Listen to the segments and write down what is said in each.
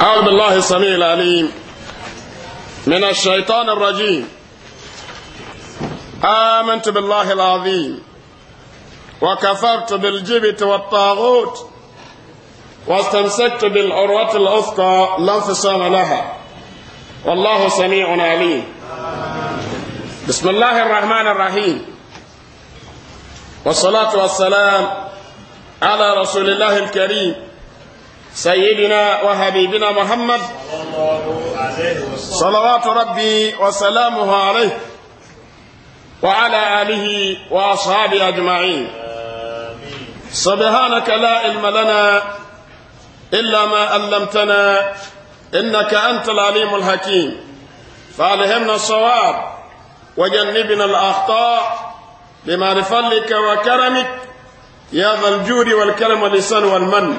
أعوذ بالله السميع العليم من الشيطان الرجيم آمنت بالله العظيم وكفرت بالجبت والطاغوت واستمسكت بالعروة الأثقى لا انفصام لها والله سميع عليم بسم الله الرحمن الرحيم والصلاة والسلام على رسول الله الكريم سيدنا وحبيبنا محمد صلوات ربي وسلامه عليه وعلى آله وأصحابه أجمعين سبحانك لا علم لنا إلا ما علمتنا إنك أنت العليم الحكيم فألهمنا الصواب وجنبنا الأخطاء بما لفضلك وكرمك يا ذا الجود والكرم واللسان والمن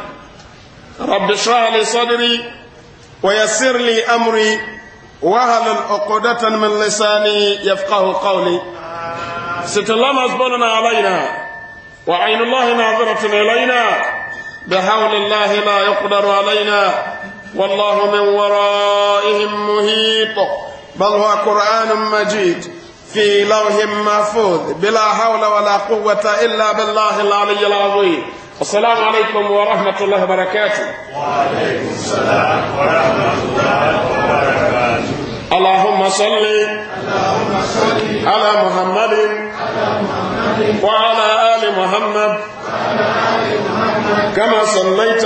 رب اشرح لي صدري ويسر لي أمري وهل عقدة من لساني يفقه قولي ست الله مزبولنا علينا وعين الله ناظرة إلينا بحول الله لا يقدر علينا والله من ورائهم مهيط بل هو قرآن مجيد في لوح محفوظ بلا حول ولا قوة إلا بالله العلي العظيم السلام عليكم ورحمة الله وبركاته وعليكم السلام ورحمة الله وبركاته اللهم صل اللهم صل على محمد على محمد وعلى آل محمد وعلى آل محمد كما صليت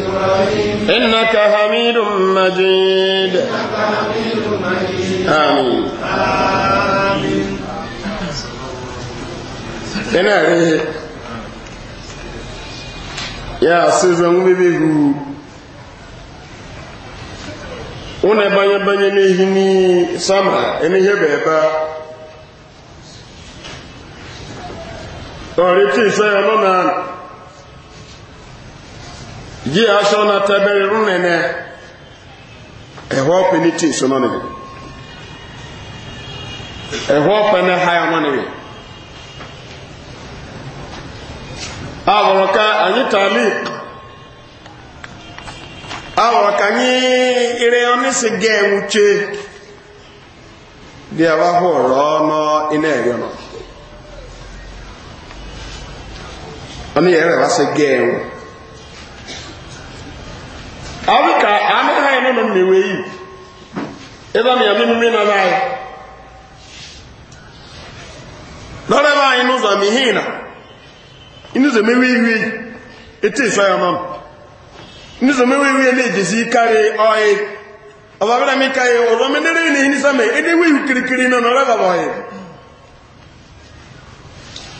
إنك حميد مجيد آمين ina re ya sizan una banye banye n'ihi ni sama enihe bụ ebe na Ji aṣọ na tẹ́bẹ̀rẹ̀ rún nẹ̀nẹ̀ ẹ̀họ́ pẹ̀lú tí na nìyí ẹ̀họ́ pẹ̀lú háyà mọ́ nìyí awọ̀rọ̀ka anyị talik awọ̀rọ̀ka anyị ire onisi ga-enwuche dị abahụ ọrọ nọ ịna-eri ọnọ ọ na abika amịrị ha na-ewe iyi ebe mmiri na n'ụzọ ma ihe na n'ụzọ mewe ihu eyi ya nọ n'ụzọ mewe ihu na-ejesi karị ọyị ọzọ na ihe n'isa mee edewe ihu kirikiri nọ n'ọrọ ebe ọyị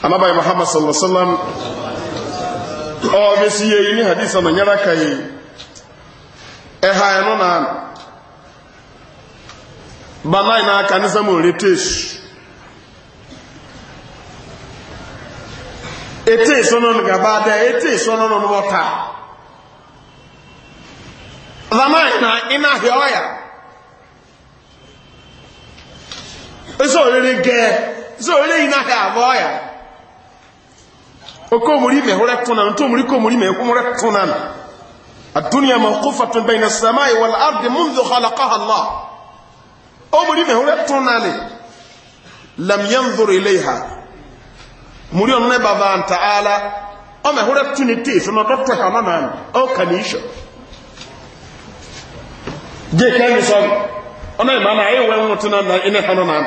anabaghị muhammad sallallahu ọ bụ esi hadisa na nyere aka ɛha ɛno na banai na aka nisɛm orete esu ete esu no no gaba da ete no no na ina hɛ ɛsɛ orere gɛɛ ɛsɛ orere yi na hɛ abɔ ɔya okomori mɛhorɛ tona ntomori komori mɛhorɛ tona الدنيا موقوفة بين السماء والأرض منذ خلقها الله أمري مهورتون علي لم ينظر إليها مريو مريون بان تعالى أما هورتون فما ونضبطها نانا أو كنيشة جي كان يصال أنا ما أي وين إنها نانا نعم.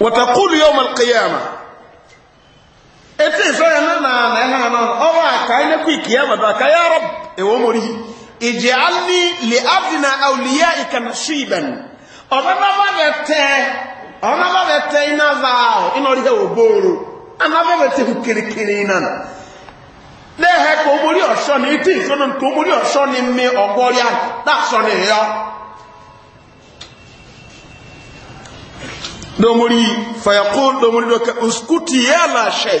وتقول يوم القيامة nsọ ya na na na ɛhana na ɔwɔ akae na kwik ya ma do akae arab ɛwɔ mori ije alni li abdina awliya ika nasiban na ba bɛ tɛ ɔbɛba bɛ ọbaba ina zaa ina ɔri hɛ wɔ booro ana ba bɛ tɛ ko kirikiri ina na ne hɛ ko mori ɔsɔ ni iti nso na ko mori na ni mi ɔgbɔria na sɔ ni yɔ. domori fayakun domori doka uskuti ya na shay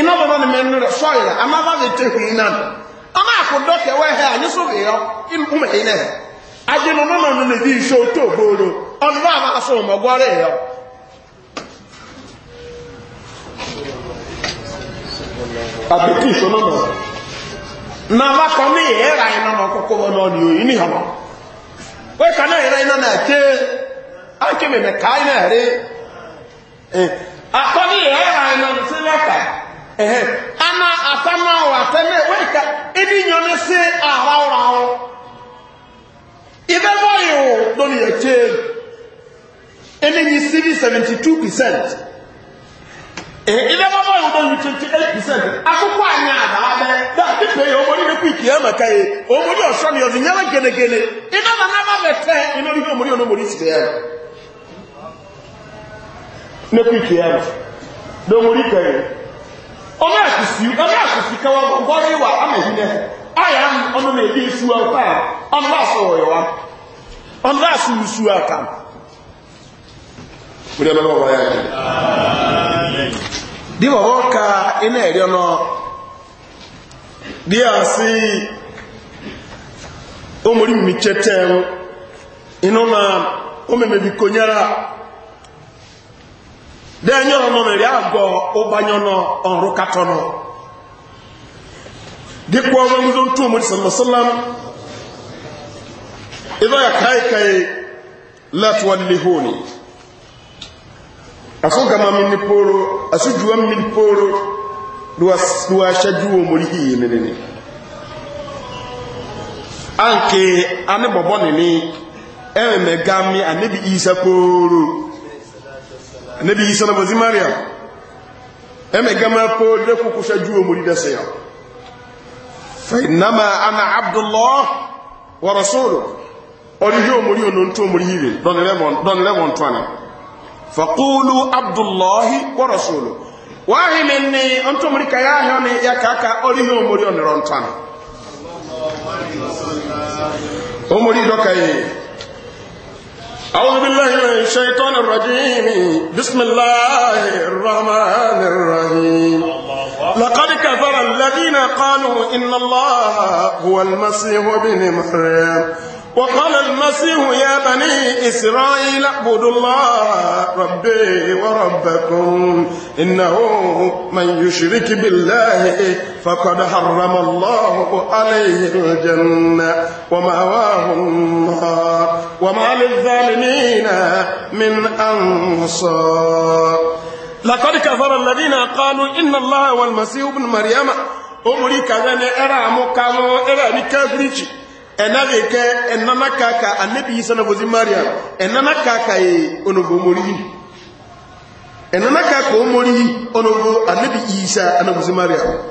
iná bọ̀ náà ni mẹ́rin rẹ̀ sọ ìlà àmà bá lè tẹ̀hùn nù ọmọ àkùdọ́ kẹwẹ́ hẹ́ àníṣó ìyọ́ ìmú ẹ̀yìn ẹ̀ ajínú náà nù iṣẹ́ ọdún náà máa sọ ọmọ gbọ́rẹ̀ ìṣọ́nà náà náà bá kọ́ ní iná náà wọn náà ni òyìn wọn ìrẹ́ iná náà ké ká iná ehe a asama ateme weka ebi nyɔne ibe bɔyi o dɔnni yɛ tse seventy two percent ee ibe bɔ bɔyi o dɔnni twenty eight percent akoko anya adala bɛ da pipe yi omori ne kui kiyɛ genegene ọmọ àkùsì ọmọ àkùsì kẹwàá gbọ́dọ̀ ìwà amẹ̀hìnẹ ayà ń ọmọ mi ya ìṣú ebe ọmọ àṣọ ọ̀yọ̀ wa ọmọ àṣọ ìṣú ọ̀tá. kúrẹ́ aka. bí bàbá ọ̀ka iná ẹ̀rí ọ̀nà bí a sì ọmọ orí mi kyẹ́tẹ́ iná ọmọ mi kò nyára. denye ọmụmụ ya gọ ụbanye ọnụ ọrụ nọ. dịkwa ọrụ ndị ntụ ụmụ isi mmasalam ịba ya kaị kaị latwa lihoni asụ gama mmiri poro asụ juwa mmiri poro ruwa ahịa juwa ọmụrụ ihe iyi mere ni a nke anị bọbọ nịnị emeghị gami anịbị isa poro anabi isa na bazi mariam ɛmɛ gama po de koko sɛ ju omori dɛ sɛ ya fainama ana abdullah wa rasulu ɔni hi omori ono nto omori yi bi dɔni lɛ wɔn tɔni fakulu abdullahi wa rasulu waahi mi ni ɔnto omori ka ya ahɛ ni ya kaka ɔni hi omori ɔni rɔ ntɔni omori dɔ ka ye. أعوذ بالله من الشيطان الرجيم بسم الله الرحمن الرحيم لقد كفر الذين قالوا إن الله هو المسيح بن مريم وقال المسيح يا بني إسرائيل اعبدوا الله ربي وربكم إنه من يشرك بالله فقد حرم الله عليه الجنة ومأواه النار وما للظالمين من أنصار لقد كفر الذين قالوا إن الله والمسيح ابن مريم أمري كذا أرى مكانه أرى مكافريتي ɛnare kɛ ɛnana kaka anabi yi sana bozi mariam ɛnana kaka ye onobo mori yi ɛnana kaka omori yi onobo anabi isa anabozi mariam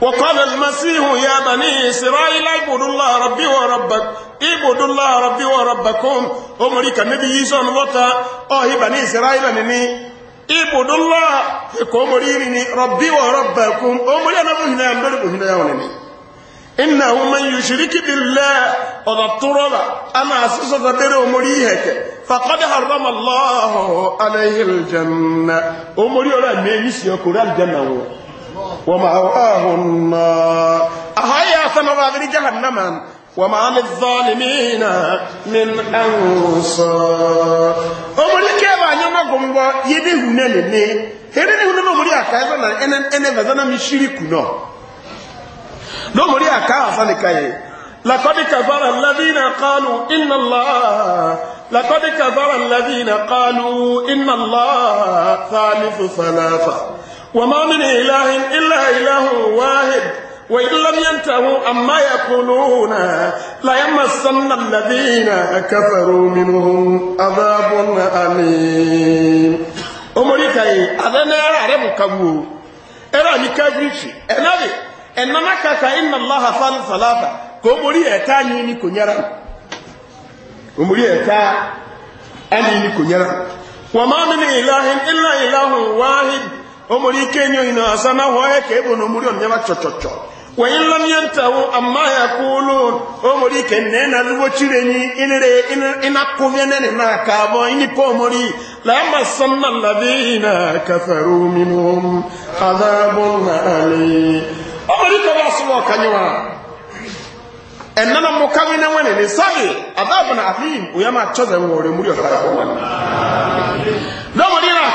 وقال المسيح يا بني إسرائيل اعبدوا الله ربي وربك اعبدوا الله ربي وربكم أمريك النبي يسوع نبطا أوه بني إسرائيل نني اعبدوا الله فكم ربي وربكم أمري أنا مهنا أمري مهنا يونني إنه من يشرك بالله وضطرب أما أسس ذبير أمريهك فقد حرم الله عليه الجنة أمري ولا ميس يكور الجنة ومأواه النار أهيا سنرى جهنم وما للظالمين من أنصار أمري كيف أن يمكن يدهن لني هنا هنا أمري أكاذا أنا أنا بزنا مشركنا lómùrí àkáhà sánìkàyè lakọ́díkà bára lẹ́dínà kánú iná láà lakọ́díkà bára lẹ́dínà kánú iná láà sáàlìfù sàlàfà وما من إله إلا إله واحد وإن لم ينتهوا أما يقولون لا يمسن الذين كفروا منهم عذاب أليم أمريكا أذن أعرف كبو أرى لكافرشي أنا ẹ̀nàmá kàkà iná láha fàlàfà kò mórí ẹ̀ta ní ní kò nyára kò mórí ẹ̀ta ní ní kò nyára wọ́n máa nínú ìláhìn ilá ìláhùn wáhìn o mórí kéyàn iná asáná wọ́n ẹ̀kẹ́ ìbò ní mórí ọ̀nyára chọ̀chọ̀chọ̀ wọ́n yín lọ́nà yẹn tàwọn àmà kú mórí kẹ́ nẹ́ẹ̀nà ní iná náà iní mórí sọ́nà kàfẹ́rù mímú ọmọdé kọba asọmọ ọkanyiwa ẹnana mọkàwé náà wọn ni sáyé adáàbọnà àfihàn òyà máa tọ́jà ẹwọn ọrẹ múlí ọ̀tá ẹ̀kọ́ wọn. lọ́mọdé náà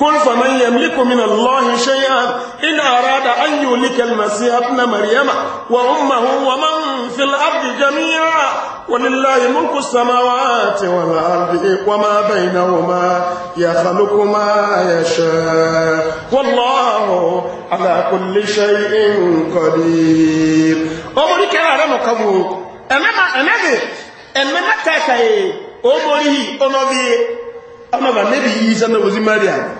قل فمن يملك من الله شيئا إن أراد أن يهلك المسيح ابن مريم وأمه ومن في الأرض جميعا ولله ملك السماوات والأرض وما بينهما يخلق ما يشاء والله على كل شيء قدير أمري أنا كبو أمام أمام أمام تاكاي أمري أمري أمام نبي إيسان وزي مريم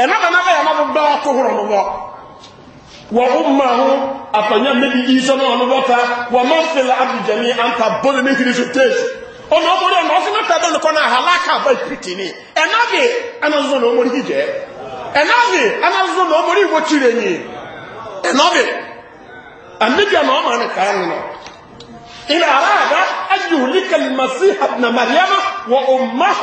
ɛna nana bɛ yɛn abo bɛɛ ato horo no bɔ wɔn ho ma ho apanya mmedi yi sɛ no ɔno bɔta wɔn ma fele abidjani anta bɔle ne hiri so teesi ɔno ɔmo de ɔno ɔfin ta do ne kɔn a halaka aba pitini ɛna bi ɛna nso na ɔmo de hijɛ ɛna bi ɛna nso na ɔmo de wɔ kyire nyi ɛna bi anibia na ɔmo ne kan no إن أراد أن يهلك المسيح ابن مريم وأمه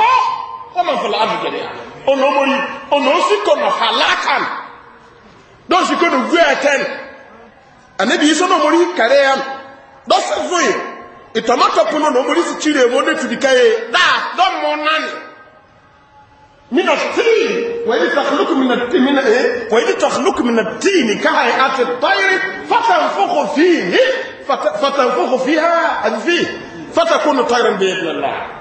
ومن في الأرض جميعا ọ̀nà omori ọ̀nà osìkò nà halakan dọ́sìkò nà gwe ẹ̀tẹ́n ànábi yìí sọ́nà omori kẹrẹ́ yẹn dọ́sẹ̀ fún yìí ìtọ́mọ́tọ́ pono nà omori sì kyerè wọn ní tùdí kẹyẹ dáa dọ́mọ nánì mina tíì wẹ́yìn tọ́kùlùkù mina tíì mina ẹ̀ eh? wẹ́yìn tọ́kùlùkù mina tíì ní káhàyè àti báyìí fọ́tàǹfọ́kọ̀ fíì ha fíì hà àti fíì fọ́tàkùn nà bẹ́ẹ̀ bẹ́ẹ̀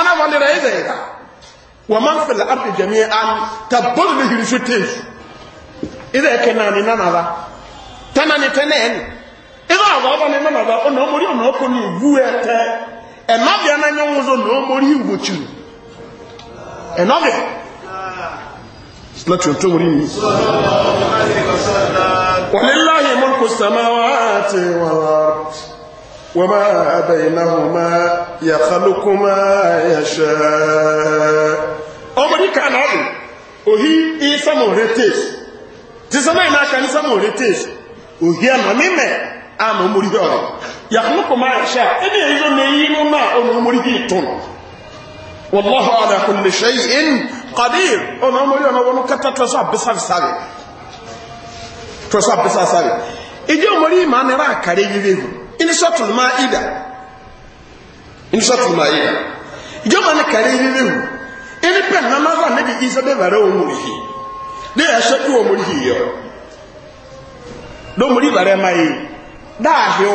ana valera ida wa man fil ardi jami'an tabul bi hirfitish ida kenani nanala tanani tenen ida baba ne nanala ono omori ono ko ni buete e ma na nyon ọ na omori ugochi e no bia to mori ni walillahi mulku samawati وما بينهما يخلق ما يشاء أمري كان هذا وهي إيسا موريتيس تسمع ما كان إيسا موريتيس وهي نميمة أم أمري دور يخلق ما يشاء إني إيسا نيمنا أم أمري دي والله على كل شيء قدير أم أمري أنا ونكتا تسوى بسار ساري تسوى بسار ساري إجي أمري ما نرى كاري يبيهو ini suratul maida ịda suratul maida ìjọba ịda kàrí rírí hù ẹni pẹ̀ nàmá wà níbi ìsọdẹ̀ bàrẹ̀ òun mùrì hì ní ẹ̀ṣẹ́ yọ lómùrì bàrẹ̀ máa yìí dáàhì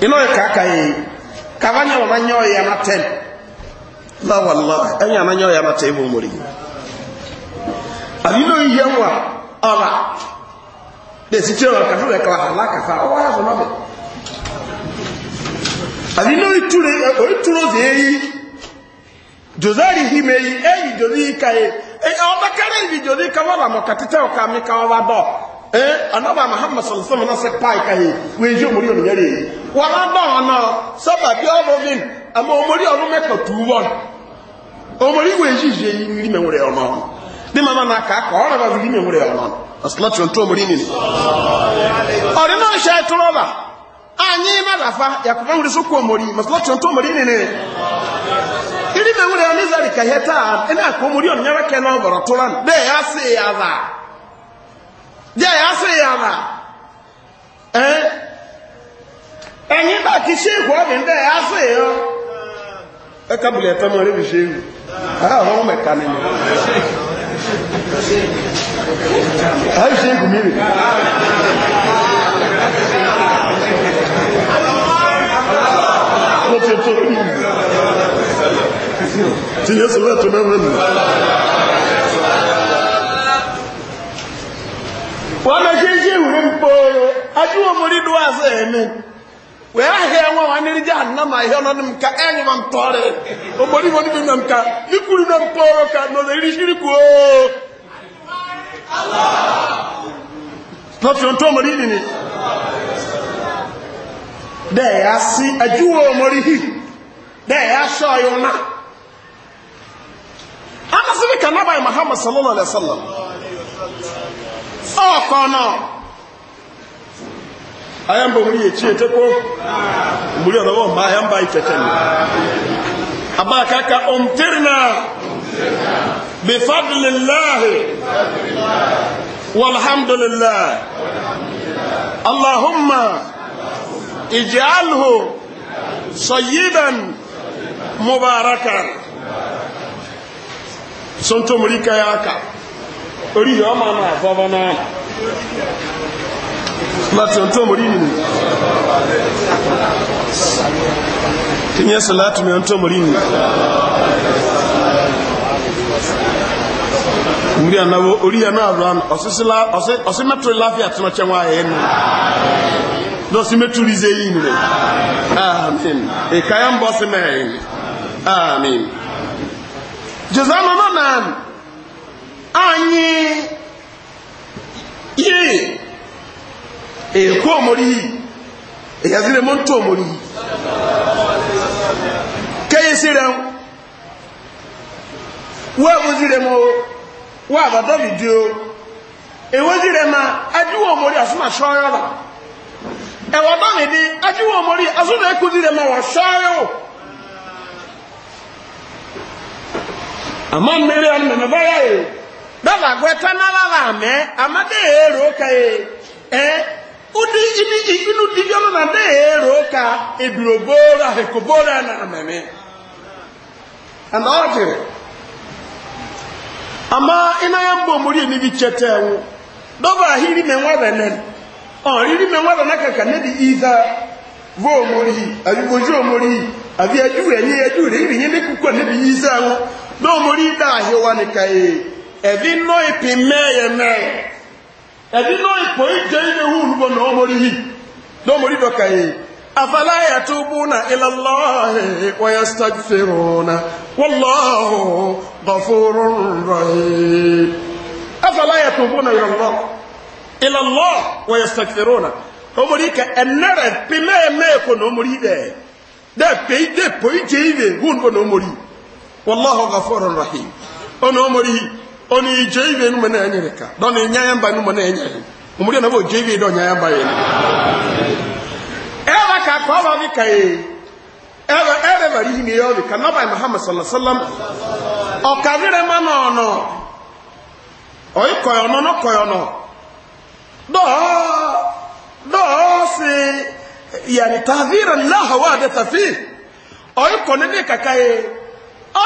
ino ye kaka ye kava wa manyo ya matem la wallahi anya manyo ya matem bu muri alino yewa ala de si tyo ka fure ka hala ka fa o ha so mabe alino iture o ituro ze yi jozari hime yi eyi jodi kai e o jodi ka wala mo katete o ka mi ka Ee, eh, anaba muhammad sallallahu alaihi wasallam na pai kai we je omori onu yare wa na na na saba bi ono vin ama omori onu meka tuwon omori we ji je yiri me nwere ono di mama na ka ka ora ba yiri me nwere ono aslatu nto omori ni ori na she turoba anyi madafa yakuba wuri so ko omori maslatu nto omori ni ni iri me nwere onu zalika heta ina ko omori onu nyara ke na oboro turan de ya si ya za jẹ́ ẹ̀yà ẹ̀yìn bá kí ṣéèkù ọ̀dì ń bẹ́ ẹ̀yà sí ìyàn mọ̀ rébì ṣéèkù àwọn ọmọ ẹ̀ka ni mi àyè ṣéèkù mi rè mo ti tó kú tí yẹn sọ bẹ́ẹ̀ tó nù. wọ́n mẹ́ ṣe ṣe ìwúrí mpooro ajúwò mori do àṣẹ ẹ̀mí wẹ́ẹ́ ahẹ́ wọn wọn ní ríjà ànámà ihe ọ̀nà nìmú ka ẹ̀yìn wọn tọ́rẹ̀ ọmọdé wọn níbi nàm ká níkùrú nàm mpooro ká nọ̀dọ̀ irí ṣírí kú ooo. lọ́fi ohun tó ọmọdé yìí ni dẹ́ẹ̀ yá sí ajúwò mori yìí dẹ́ẹ̀ yá ṣọ́ ọ̀yọ́ náà. a kà sí mi kà nábàáyé muhammad sallallahu alayhi wa sallam ọkọ̀ náà ayamba muri yɛ tie teko muri ɔna wɔn mmaa ayamba yi kɛkɛ ni abaka ka ɔmtirna bifadlilahi walhamdulilahi allahumma ijaalhu sayidan mubarakan sontomori kayaka. oríyìn ọmọ náà fọ́bọ́ náà láti ọ̀tọ́ mọ̀rí nìyí ìyẹn sọ láti mi ọ̀tọ́ mọ̀rí nìyí orí ànáwó orí yẹn náà ọ̀sí mẹ́tò láfíà tí wọ́n tẹ́ wọ́n ayẹ́ lọ́sí mẹ́tò ríze yìí ìkáyà ń anyị yi ekwe omori yazire mu ntu omori keyesire webuzire mu wabadọ vidiyo ewezire ma ajiwa omori asụma shọyọra ẹwọdọ mi di ajiwa omori asụma ekuzire ma wa shọyọ ama mmiri ọnụ mẹmẹ báyà yìí dọ́là gbẹ́tẹ́ náírà là mẹ́ amadé èrò ka e ẹ́ ụdị ibi inú na adé èrò ka ebiro bóra èkó e bóra na amẹ́mẹ́ na ọ jiri ama ịna ya chete ahiri ọ riri me kaka ne di iza vo ne ne iza ka e. ẹ̀bí ná ìpì mẹ́ẹ̀yẹmẹ́ẹ̀ ẹ̀bí ná ìpò ìjẹ́ ilé na ọmọrí yìí lọ́mọrí dọ̀kà yìí na ilẹ̀lọ́ọ̀hẹ̀ wọ́yẹ́ stagfirona wọ́lọ́ọ̀hù gọ̀fóró rọ̀hẹ̀ na ilẹ̀lọ́ọ̀ wọ́yẹ́ stagfirona ọmọrí ka na ọmọrí bẹ́ẹ̀ dẹ́pẹ̀ ìdẹ́pọ̀ ìjẹ́ na ọmọrí oni jeive nume na enyereka doni nyayamba nume na enyere umuri na bo jeive do nyayamba ye ewa ka kwa ba vika ye ewa ewa bari himi yo vika na ba muhammad sallallahu alaihi wasallam o kavire mana ono oyi koyo no no koyo no do do si yani tadhira allah wa da tafi oyi konene kakaye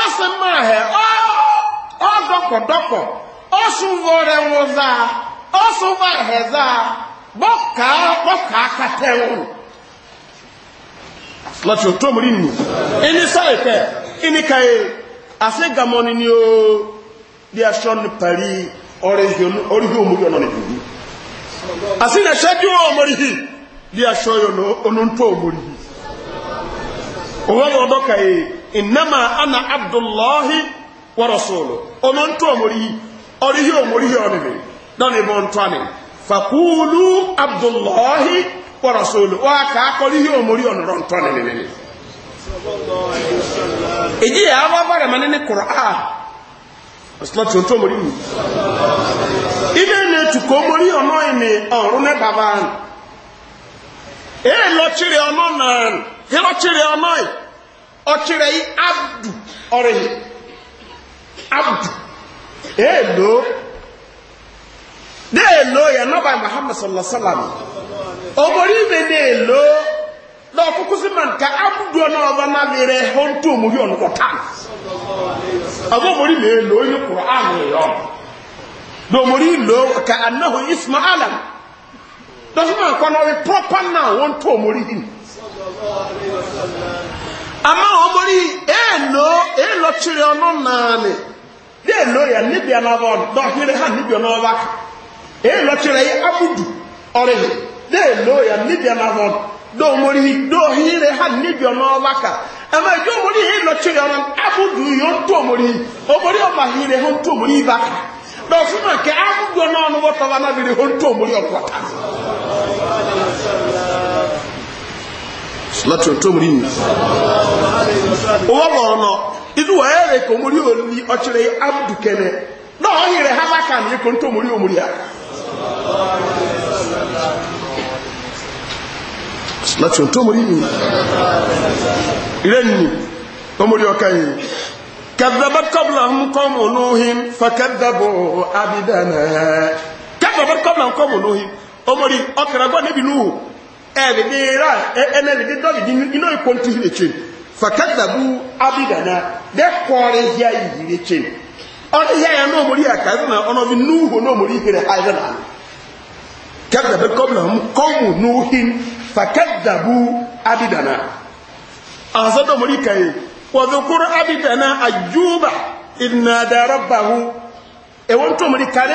asemma he oh ọdọkọdọkọ ọsùnwọrẹ wọn zaa ọsùnwọ ẹhẹ zaa bọkà bọkà akatẹwọn. láti ọ̀tọ́ mú rí nù ẹni sáré pẹ́ ẹni káyé àṣẹ gamọ́ni ni ó bí aṣọ ní parí oríhì òmùrí ọ̀nà nìyí àṣẹ ìrẹsẹ́jú òmùrí yìí aṣọ onóńtó òmùrí yìí òwúrọ̀ ana ورسوله ومن تومري ihe أمريه أمريه دون بونتواني فقولوا عبد الله ورسوله وكا أريه أمريه أمريه èyí yà wá bá rẹ̀mọ́ nínú kùrọ̀á ọ̀sán tí ó tó mórí abdu èèlò dèèlò yẹn nọba muhammad sallallahu alaihi wa sallam ọmọdé na ọkụkụ si ma nka abdu ọ n'ọba n'abịrị hụ ntụ omori ọnụkọ taa ọba omori ma èèlò onye kwuru ahụ ya ọ na omori ìlò ka anahu isma alam dọsịma nkwa na ọ bụ pọpa na ọ ntụ omori hịn ama omori èèlò èèlò chiri ọnụ naanị. dee lo ya na ha nibia na ọba aka abudu ọrịrị dee lo ya nibia na ọnụ ha nibia na aka ama eji omori ihe lọchịrị ọnụ abudu ya ntụ omori omori ọba hịrị ha ntụ omori ibe aka dọfụma nke abudu n'ọnụ wọtọba nabiri ha ntụ omori láti ọ̀tọ́ mú nínú owó bọ̀ ọ̀nà inú wà ẹ̀rẹ̀ kò mórí òní ọ̀kyerẹ̀ abdùkẹ́nẹ̀ náà ọ̀hìnrẹ̀ hálákà ní kò tó mórí òmùrí à láti ọ̀tọ́ mú nínú ìrẹ́ni ọmọdé ọ̀ka yìí كذبت قبلهم قوم نوح فكذبوا عبدنا كذبت قبلهم قوم نوح أمري أكرم نبي نوح ɛbidi ra ɛnɛbidi dɔli di inú ìkɔntu yìí lè tse abidana bɛ kɔɔri hiya yìí lè tse ɔni hiya yɛ n'omori yɛ kari na ɔnɔbi nuhu n'omori yɛ kari na kadaba abidana ɔnsa dɔmori ka yi abidana ajuba inadarabahu ewu ntomori kari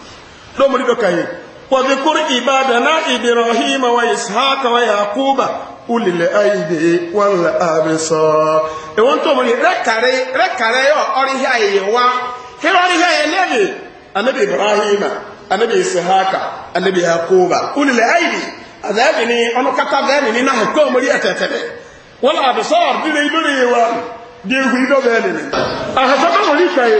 lómúrí dọ́ka yìí wàzikúrú ìbádàná ìbìrọ̀hìmà wa ìsáàkà wa yàkúbà ulilẹ̀ ayìdè wọn lè àbí sọ. ìwọ́n tó mọ̀ ní rẹ́kàrẹ́ rẹ́kàrẹ́ yọ ọ̀rìhì àyè wa kí ọ̀rìhì àyè lẹ́bi anabi ibrahima anabi isaaka anabi yakuba ulilẹ̀ ayìdè àdàbì ni ọ̀nà kata bẹ́ẹ̀ni ní náà kó mọ̀ ní ẹ̀tẹ̀tẹ̀rẹ̀ wọn lè àbí sọ ọ̀rìhì wa bí ehu idọ́ bẹ́ẹ̀ni ni. àhàtà bá wọlé ìkàyè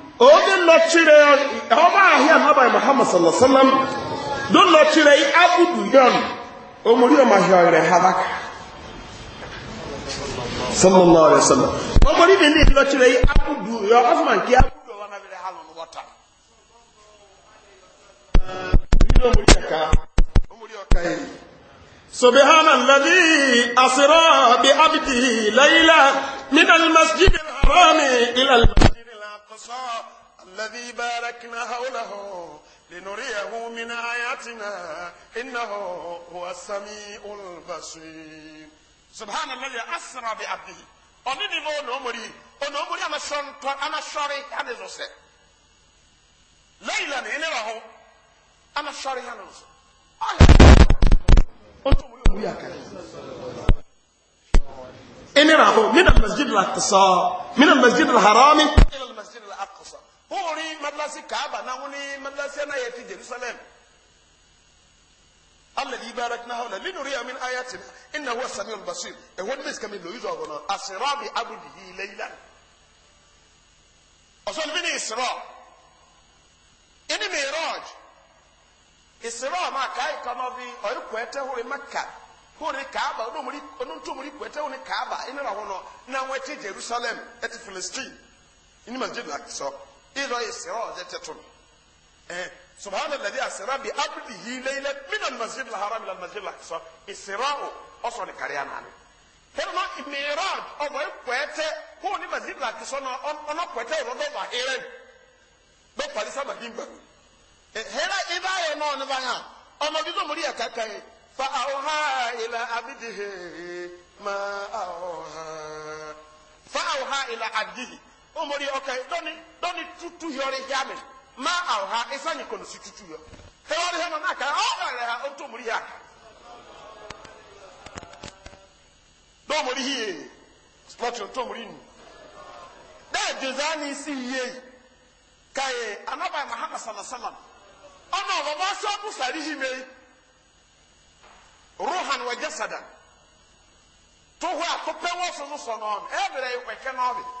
obi nọchiri ọba ahịa naba muhammad sallasalam do nọchiri abudu yon omori ọma hịọrịrị ha baka sallallahu alaihi wasallam omori bi ndị nọchiri abudu ya ọfụma nke abudu ọwa nabere ha nọ n'ụwọta ndị omori ọka omori ọka yi سبحان الذي أسرى بعبده ليلا من المسجد الحرام إلى المسجد الأقصى الذي باركنا حوله لنريه من آياتنا إنه هو السميع البصير سبحان الذي أسرى بعبده أنني بو نومري أنومري أنا شنط أنا شاري أنا زوسة ليلة هنا راهو أنا شاري أنا زوسة آه. إني من المسجد الأقصى من المسجد الحرام إلى hori madrasi kaaba na huni madrasi na ya fi jerusalem alladhi barakna hawla linuriya min ayatina inna huwa samiul basir e won mes kamin lo yuzo gono asra bi abdihi laylan osol bin isra ini miraj isra ma kai kama bi oru kwete hori makka hori kaaba no muri onu ntumuri kwete hori kaaba ini rahono na wete jerusalem eti philistine ini masjid al-aqsa ìlọ ìsirọ́ ọ̀dẹ tẹ̀tún ẹ̀ eh, subahana ladi asira bi abdi hi leila mina masjid la haram ila masjid la sọ ìsirọ́ o ọsọ ni kariya naani tẹ́lẹ̀ náà ìmìíràn ọ̀bọ̀ ìpẹ́ẹ́tẹ́ kó o ní masjid la ti sọ náà ọ̀nà pẹ́ẹ́tẹ́ ìrọ́dọ̀ bá hẹ́rẹ́ bẹ́ẹ̀ pàdé sábà bí gbàgbé eh, hẹ́rẹ́ ibà yẹn náà ní báyà ọmọ bí tó múrí ẹ̀ka kan yìí fa àwòhá ilà abidihe ma àwòhá fa àwòhá ilà abidihe. omori ọka dọni dọni tutu yọri yami ma awha isanyi kono si tutu yọ hewari hema n'aka ọ rẹ ha otu omori ya dọmori hiye spọtụ otu omori nu dee deza n'isi hiye kaye anaba mahama salasalam ọ na ọbọbọ asọ ọbụsari hime ruhan wa jasada tuhu a tụpụ ewu ọsọ n'ụsọ n'ọnụ ebere ekwe ke n'ọbịa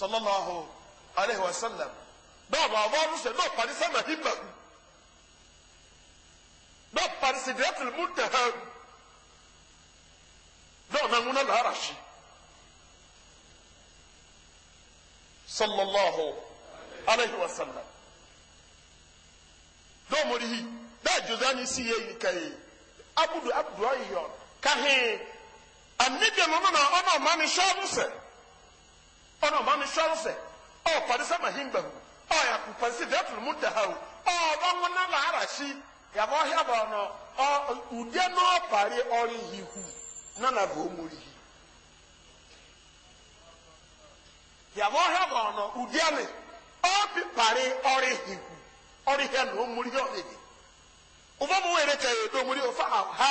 صلى الله عليه وسلم بابا بابا سيد ما فارس ما هيبا ما فارس ديات المنتهى ذا من الهرش صلى الله عليه وسلم ذا مريه لا جزاني سيئي كي أبدو أبدو أيها كهي النبي مرنا أنا ماني شابو سيد ọ̀nà ọ̀ma mi sọ́ọ̀sẹ̀ ọ̀ ọ màhíngba hù ọ̀ yà kù pàdésẹ́ dẹ́tùrù mu dàhà hù ọ̀ bá wọn náà làárà sí ụdị ọ̀hìá bọ̀ ọ̀nà ọ̀ ùdíẹ́ náà pàrí ọ̀rí yìí hù nánà bò ó mórí mu ha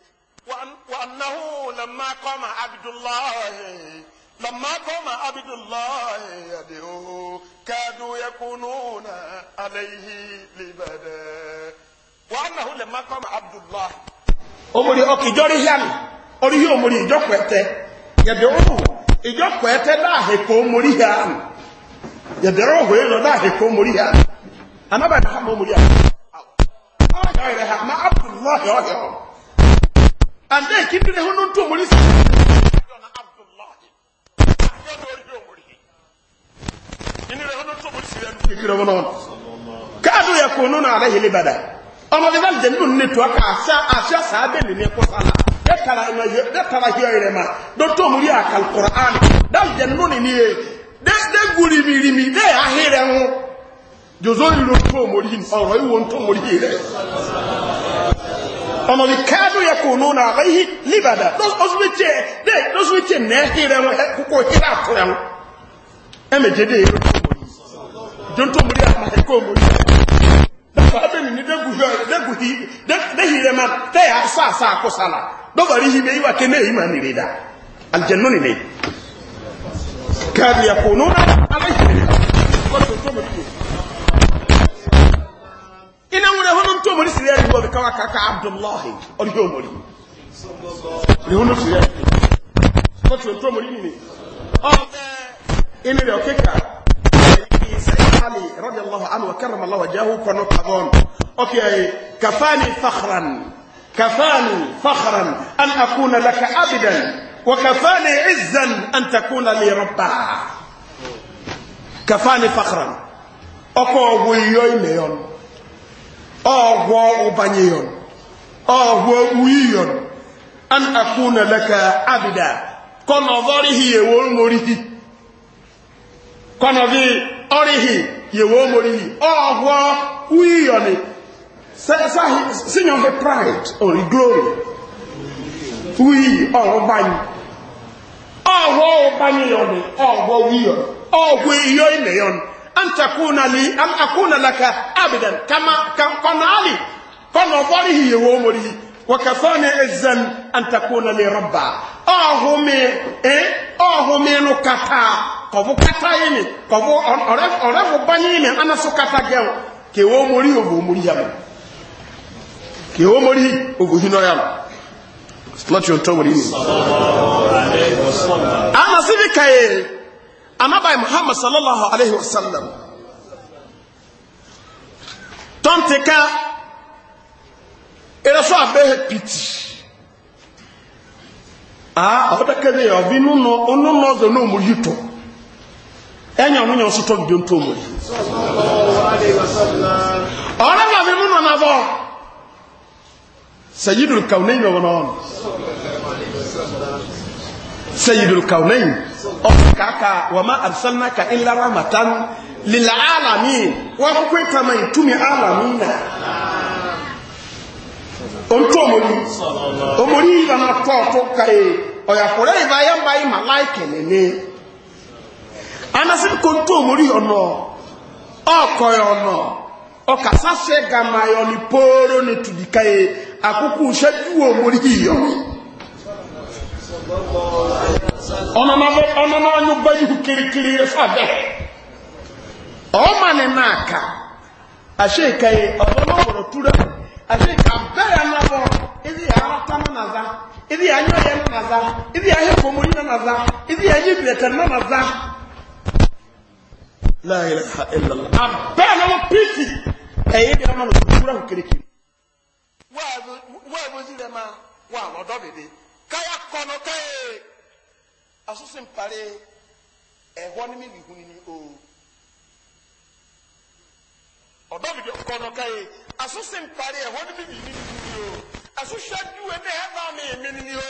وأنه لما قام عبد الله لما قام عبد الله يدعوه كادوا يكونون عليه لبدا وأنه لما قام عبد الله omori ọkì jọrí yá mi orí yóò mori ìjọ pẹ̀tẹ́ yẹ̀dẹ̀rọ̀hù ìjọ pẹ̀tẹ́ láàhì kó mori yá mi yẹ̀dẹ̀rọ̀hù èlò láàhì kó mori yá mi anábàdàn àmọ́ mori yá mi ọ̀gá ìrẹ̀hà má abdullahi ọ̀hẹ́ ọ̀hẹ́ And anda ekindire ho no ntu omuli na abdullahi kaadu yakunu na alayhi libada ọmọ bíbá jẹ nínú nítorí aka àṣà àṣà sàábẹ nínú ẹkọ sàlá ẹ tara hiọ rẹ ma dọtọ mu rí àkàlùkọrọ àná dáà jẹ nínú nínú yẹ dẹ gùn rìmìrìmì dẹ àhírẹ ń jòzó ìlú tó mọ rí ọrọ ìwọ tó mọ rí rẹ ọmọ bi káàdù yẹ kò nù nà àgbà yìí líbàdà lọ́sùn tiẹ̀ dẹ́ lọ́sùn tiẹ̀ nẹ́ẹ̀hìn rẹ̀ wọn kókó hìrà àtọ̀ yẹn ẹ̀mẹ̀ jẹ́dẹ̀ yẹn jonto mu di ama ẹ̀kọ́ mu di dafa abẹ́mi ni dẹ́gu hìrẹ̀ dẹ́gu hì dẹ́hìrẹ̀ ma tẹ́ yà sàásà kó sàlà dọ́bàrí yìí bẹ́ẹ̀ wà kéne yìí mà nìyẹn dà alìjẹ̀nu nìyẹn káàdù yẹ kò nù nà àgbà yìí ina wuna hono to mo sire ya bo kawa kaka abdullah o yo mo ri ni hono sire ko to to mo ri ni o be ina le okeka ali radiyallahu anhu wa karrama allah wajahu kono tabon okay kafani fakhran كفاني فخرا أن أكون لك عبدا وكفاني عزا أن تكون لي ربا كفاني فخرا أكو ويوي ميون ọgwọ ụbanyeyon ọgwọ uyiyon an akuna laka abida kọ́nà ọ̀rìhì yẹ̀wò morihi kọ́nà bí ọ̀rìhì yẹ̀wò morihi ọgwọ uyiyon sinyon the pride or the glory uyi ọ̀rọ̀banye ọgwọ ụbanyeyon ọgwọ uyiyon ọgwọ iyo imeyon an takuna li an akuna laka abidan kama kan qanali kono borihi wo morihi wa kafani izzan an takuna li rabba ahumi eh ahumi no kata kobu kata yimi kata gel ke wo mori mori ke wo mori hino your anabai muhammad sallallahu alaihi wasallam tontika ereso abehe piti a ọdakẹrẹ yẹ ọbi nínú onínú ọzọ náà mo yí tó ẹnyà ọmọ yẹn sọtọ gbé tó mo yí. ọ̀rẹ́ bá mi nínú ọ̀nà bọ̀ sẹ́yìn dùn kàwọn ẹ̀yìn ọ̀nà ọ̀nà sayyidul kaunayin ọkaka wa ma arsalnaka illa rahmatan lil alamin wa hukunta man tumi alamina on to mori o mori ba na to to kai o ya kore ba ya ba yi malaika ne ne anasin ko to mori ono oko yo ono o kasase gama yo ni poro ni tudikaye akuku shedu o mori yo ọnọ n'anyụ gbajihu kirikiri sabe ọma n'aka asheka yi ọzọ n'ọgbọrọ tura asheka bẹrẹ n'abọ ịdị ya arata ya anyọ ya n'anaza ya ahịa fomori ya anyị bileta n'anaza láyé ha ilàlá abẹ́rẹ́ n'abọ piti e, kaya kɔnɔ kaye asusu mpare ɛhɔ ni mi bi hu ni o ɔdɔ bi bi kɔnɔ kaye asusu mpare ɛhɔ ni mi bi hu ni o asusu aduwe ne ɛba mi mi ni o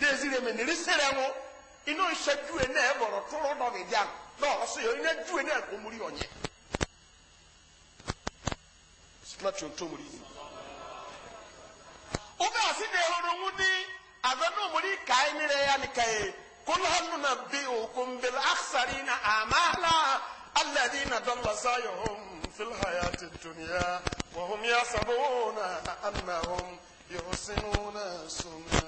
desire mi niri sere ŋo inu nse aduwe ne ɛbɔrɔ toro dɔ bi dian dɔw ɔsi yɛ inu aduwe ne ɛkomuri ɔnyɛ sinatio ntomori yi ube aside horo ngudi adhanu muri kaini re yani kai kul hal nunabbiukum bil akhsarina amala alladhina dalla sayuhum fil hayati dunya wa hum yasabuna annahum yuhsinuna sunna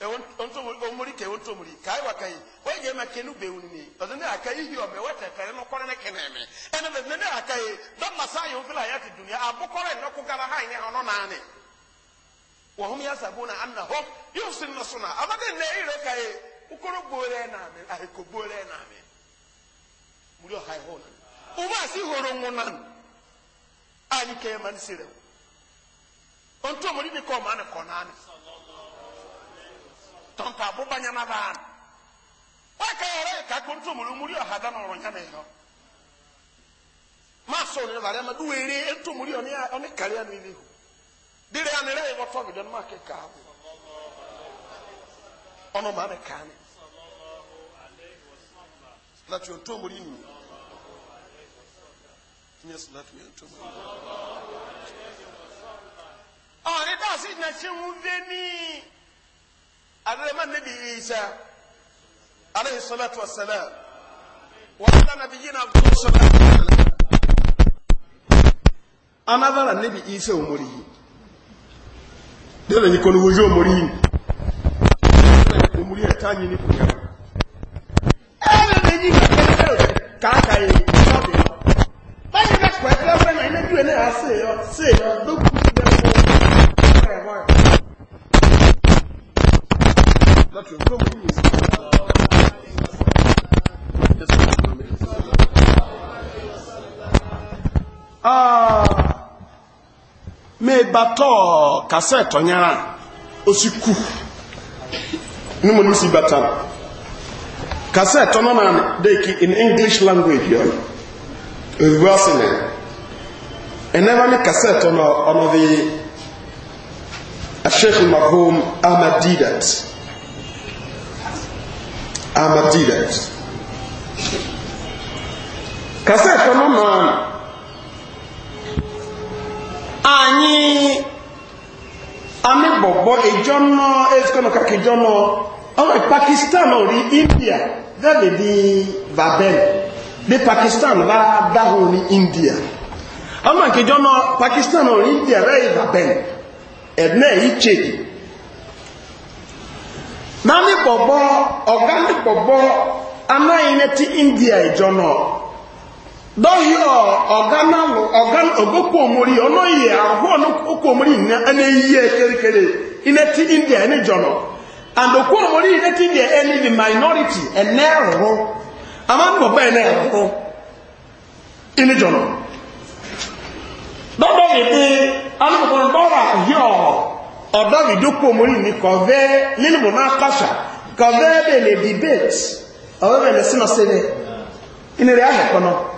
e onto omuri ke onto muri kai wa kai o ye ma kenu be unni o ne akai hi o me wata tare no kore ne keneme ene be ne akai dalla sayuhum fil hayati dunya abukore no kugara ha ne hono nani wɔn yasabu na ana hɔ yóò sin na so na amadi na eyi rɛ ka ye kokoro gboolɛ naami ahiko gboolɛ naami muri ɔha yi hɔn na o ma si horo ŋunan a yi kɛ man si rɛ o ntɔ mori bi kɔ maa ni kɔ naani tɔnpa bo ba nyama baa ni wa ka yɛrɛ ka ko ntɔ mori muri ɔha da na ɔrɔ nyana yi hɔ maa sɔrɔ ne ba dɛ ma du wele ntɔ mori ɔni kari ya ni ile o dire ya nira yɛwɔ tɔ bidɔn ma kɛ kaa ho ɔno maa mi kaa ni lati o tó mo ri nu n yɛ so lati o yɛ tó mo ri nu. ɔre daasi na se ŋun de ni adarama ne bi isa alayhi salatu wa salam wa ala nabi yina abudulayi salatu wa salam anabara ne bi isa dẹ́lẹ̀ yìí kọlu ojú omori yìí omori ẹ̀ta yìí ní kùnà ẹ̀rẹ̀ yìí kẹ́kẹ́rẹ́ kàákà yìí lọ́dẹ̀ báyìí bá kọ̀ ẹ̀kọ́ ẹ̀fẹ́ náà ẹ̀nẹ́jú ẹ̀ náà sí ẹ̀yọ́ sí ẹ̀yọ́ lókù sí ẹ̀fọ́ ẹ̀wọ́ ẹ̀ láti ojú omori yìí sí Ah mebatɔ kasɛ tɔnyara osi ku ne mo nisi bata kasɛ tɔnɔ na de in english language yɔ ewu ase nɛ ɛnɛba ne kasɛ tɔnɔ ɔno de asheikh mahom ahmad didat ahmad didat kasɛ na anyị amị bọbọ ejọnọ ezikọnọ kaka ejọnọ ọrọ pakistan ori india dẹbi vaben babel di pakistan bá dáhùn ní india ọmọ ìkejọnọ pakistan ori india rẹ vaben ẹdínà èyí chèkì náà ní bọbọ ọgá ní bọbọ india ìjọnọ. dɔhio ɔganawo ɔgan ogokomori ɔno yɛ ahoɔ no okomori na ɛna yie kerekere ina ti india ɛne jɔnɔ and omori ina ti india ɛne the minority ɛnɛ ɛhoro amanu bɔbɔ ɛnɛ ɛhoro ɛne jɔnɔ dɔdɔ yi bi alukɔn dɔra hio ɔdɔ yi do ni kɔvɛ na kɔsa kɔvɛ bɛ le debate ɔbɛ bɛ lɛ sinɔ sebe ahɛ kɔnɔ.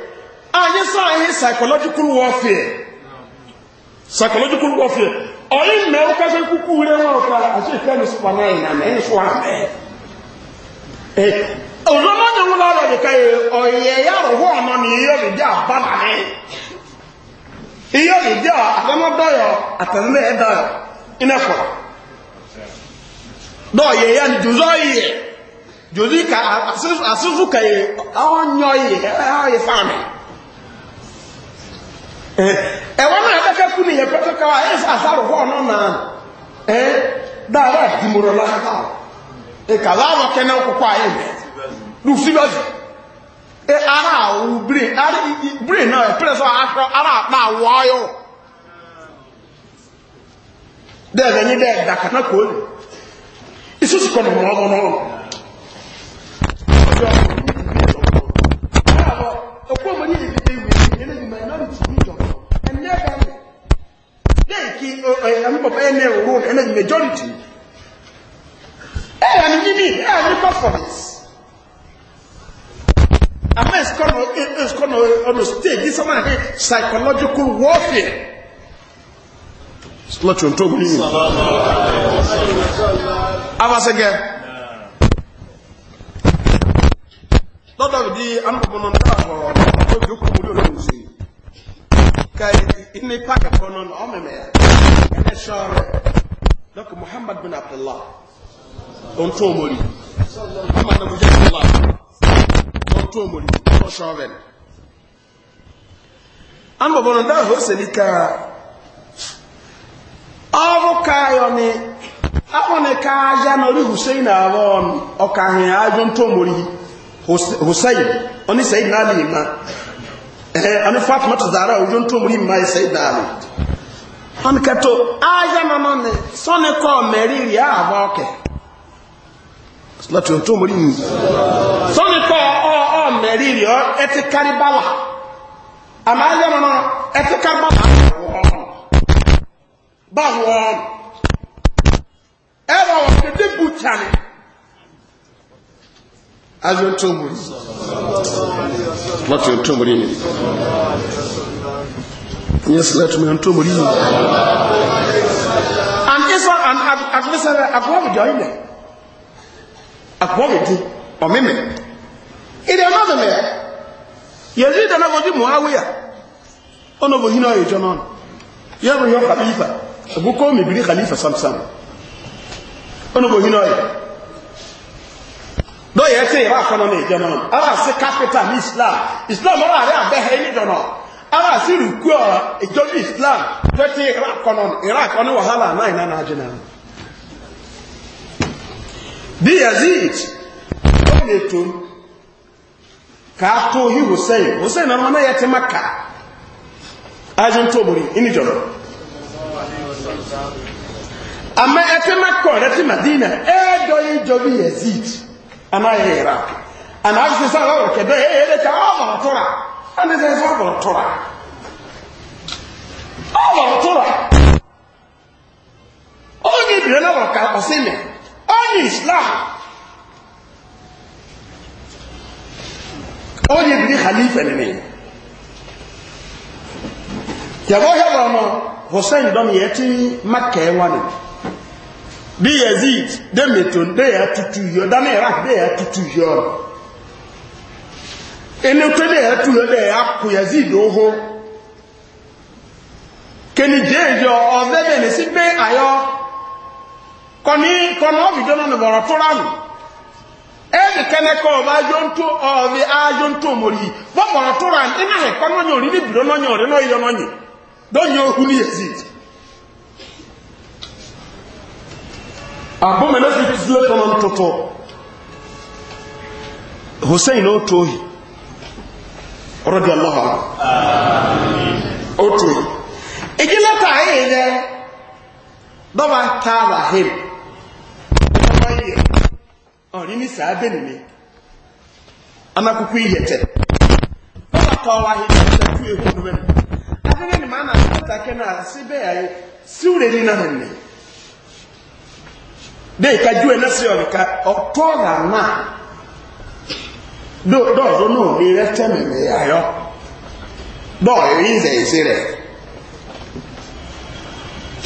anyị sọ ihe psychological warfare psychological warfare ọyị mme ụkasị kwukwu were nwa ụka na nwụrụ ọrụ dị ka ya rụhụ na ihe na ihe obi dị agamọdọyọ atamụme dọyọ ya jụzọ ihe jụzọ ka asụsụ ka ihe Eh, ẹ̀wọ́n náà kẹ́kẹ́ kú ní ìyẹ̀pẹ́ tó káwà ẹ̀ àṣàrò họ́ náà náà eh, ẹ̀ dáadáa ti mọ̀rọ̀ láàkà eh, ẹ̀kà láwọn kẹ́nẹ́ kókó ayé rẹ̀ lù síbẹ̀sì ẹ̀ ara àwọ̀ bírè ara bírè náà ẹ̀pẹ́rẹ́ sọ ara àpá àwọ̀ ayọ̀ dẹ́ẹ̀dẹ́ ní dẹ́ẹ̀ dàkàná kòólì ìsúsù kọ́ ni mọ̀ ọmọ ọkọ̀ ọmọ yìí ẹ̀dá lẹ́ẹ̀kí ẹ̀mọ́pọ̀ majority ẹ̀yà ni níbi ẹ̀yà ni performance àmọ́ ẹ̀sìkọ́nà ọ̀nà stage sọ́mọ́ àti psychological warfare lọ́tí ohun tó mú nínú abasẹ́gẹ́ lọ́dọ̀ bí i anúbọ̀bọ̀nà náà ọ̀rọ̀ ọ̀rọ̀ tó kí ó kúrò lórí òun kai inni paka konon omeme ene muhammad bin abdullah on to na mujahid allah on to mori on shoven an ka awo kayo ka ya no hussein awon o ajo to mori hussein oni sayyid ali Eh, ani fatima ta zara ojú tó múrí ma ẹsẹ̀ ìdáàlù wọn kẹtọ ayé mama mi sọ́ni kọ́ mẹ́rìírí àbọ̀ ọkẹ̀ láti tó múrí mi sọ́ni ọ ọ mẹ́rìírí ọ ẹ ti kárí bálà àmà mama ẹ e wọ ayé ń tó múrí láti ń tó múrí ni yes láti ń tó múrí ni and isa and adversary agbọ́bù jọ ilẹ̀ agbọ́bù ju ọ̀mímẹ̀ ilẹ̀ ọ̀nàdọ̀mẹ̀ yẹ̀rí ìdánagojú muhawiya ọ̀nàbò yìí náà ìjọ náà yẹ́rù yọ khalifa ọ̀bùkọ́ mìbìrí khalifa samsam ọ̀nàbò yìí náà dɔw yɛrɛ tɛ yɛrɛ kɔnɔ ne jɔn nɔ ala islam islam ala yɛrɛ a ni jɔn nɔ ala se islam tɛ ti yɛrɛ kɔnɔ yɛrɛ kɔnɔ wahala n'a yɛrɛ n'a jɛnɛ bi yazid dɔw de tun k'a to hi hussein hussein na mana yɛ tɛ ma ka azin i ni anaghị iraq ana asịsị ala ọrụ kedu ya ere oh, e, ka ọ ezi ọ tụra ọ tụra onye ibiri na gbara ka onye islam onye ibiri khalifa nene yabọ ya gbara nọ hussein dọm ya eti maka na bí yazid dé mẹ́tò dé yà tutù yọ dáná iraq dé yà tutù yọ ẹni tó dé yà tutù yọ dé yà kó yazid oho kẹni jẹ́ yọ ọ̀fẹ́ bẹ̀ ní sí gbé ayọ́ kọ́ni kọ́ni ọ̀bì dọ́nà ní bọ̀rọ̀ tó ránù ẹni kẹ́nẹ́kọ́ ọba ajó ń tó ọ̀bì ajó ń tó mọ̀rí bọ́ bọ̀rọ̀ tó ránù ẹni àyẹ̀kọ́ náà yọ̀ rí ní bìrọ̀ náà yọ̀ rí náà yọ̀ náà yọ̀ lọ́yìn ohun ní yazid abome na fi tuzue kama mtoto Hussein Otohi radiyallahu anhu Otohi ejila ta ile dọba ta la him ọ̀rí ní sàábẹ̀ nìmi ihe ìyẹ̀tẹ̀ dọba ta ọwa him ṣe tú ewu nùmẹ́nu abẹ́rẹ́ ni màá nà ṣe tàkẹ́ náà síbẹ̀ yà yẹ síwúrẹ́ ní dee ka ju ene si ɔbi ka ɔtɔ na na do dɔɔso no obi rɛ tɛ mɛmɛ ayɔ dɔɔ yi zɛ yi si rɛ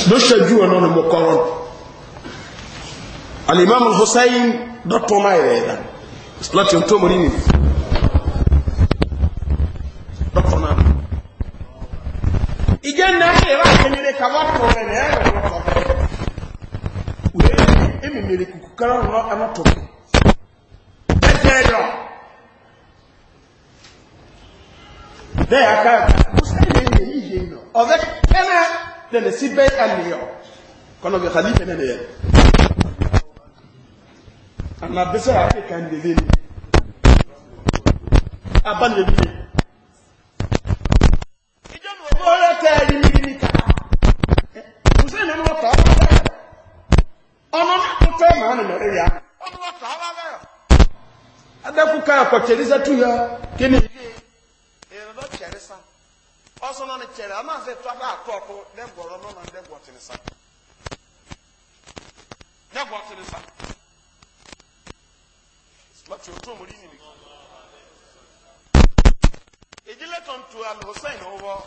do ju ɔno no mo kɔrɔ alimami hussein dɔtɔ ma yɛ yɛ lati ntɔ mo ni dɔtɔ na ìjẹ́ nà ẹ̀ yẹ bá kẹ́nyẹ́rẹ́ kaba tọ̀ ẹ̀ nà ẹ̀ yẹ bá tọ̀ mèmèrè kùkù kára ọ̀rọ̀ ẹmọ́tò jẹ́jẹ́ ẹ̀yọ bẹ́ẹ̀ aká mùsùlùmí ní èyí yìí nọ ọ̀rẹ́ kẹ́nà lẹ́lẹ̀ sí bẹ́ẹ̀ àníyàn kọ́nà bẹ̀ kàlí kẹ́nà lẹ́yẹ àmà bẹ́sẹ̀ àfíkà ń lèlé ni abánilẹ́bí ni ìjọba ọgbọ́n rẹ̀ tẹ́ ẹ̀rí ní ní ká mùsùlùmí ní wọ́n tɛ maa nɔnɔ rɛ ya adaku kaa kɔ kyɛri tu ya kini. ɛrɛdɔ kyɛri sa ɔsɔnɔ ni kyɛri ama se tɔ ka tɔ to ne gbɔrɔ nɔnɔ ne gbɔ tini sa ne gbɔ tini sa lọtí o tó mo rí nìyí. ìdílé tó ń tu alhussein wọ.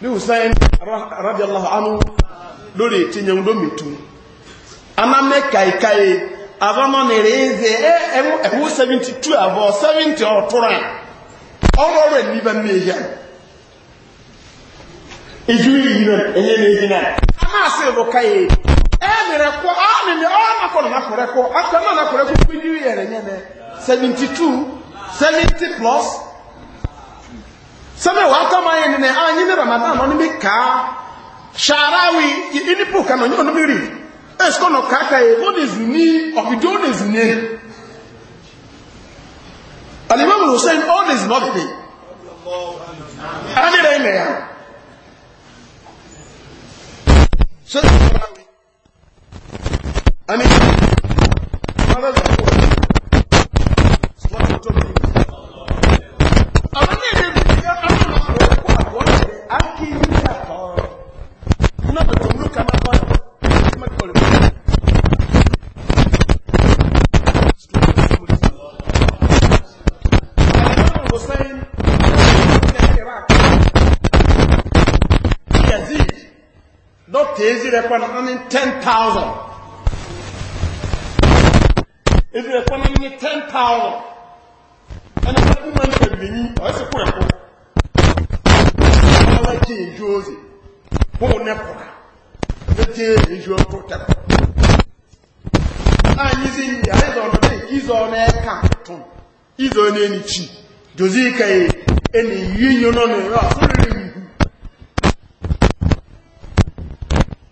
ní hussein rabi allah anu lórí ètí yẹn ló mi ama mme kaikai ava ma eze ewu e, e, seventy two avɔ seventy ɔtora ɔwɔrɔ eniba mmehia edu yi na ihe na ehi e na bụ ase E ọ na nakɔrɛ na nakɔrɛ kɔ kpe niri yɛrɛ nyɛ seventy two seventy plus sɛbɛ wa na anyị ramadan na ɔne mi sharawi inipu kan na ɔne ẹ̀ṣkọ́nà káàkàyè ó lè zù ní ọ̀fìdí ó lè zù ní alimọ́mù hussein ó lè zù lọ́fìdí adìrẹ ilẹ̀ ya ṣe tí ó rà wí àmì ọ̀rẹ́dẹ̀kọ́ ezire kwana nani 10,000 ezire kwana nani 10,000 ana kuma ni ebinyi a yasi kura ko ala ke eju ozi ko ne kura ne te eju oto te ko anyi zi ni a izo no ne izo ne ka tun izo ne ni chi jozi kai eni yiyo no ne ya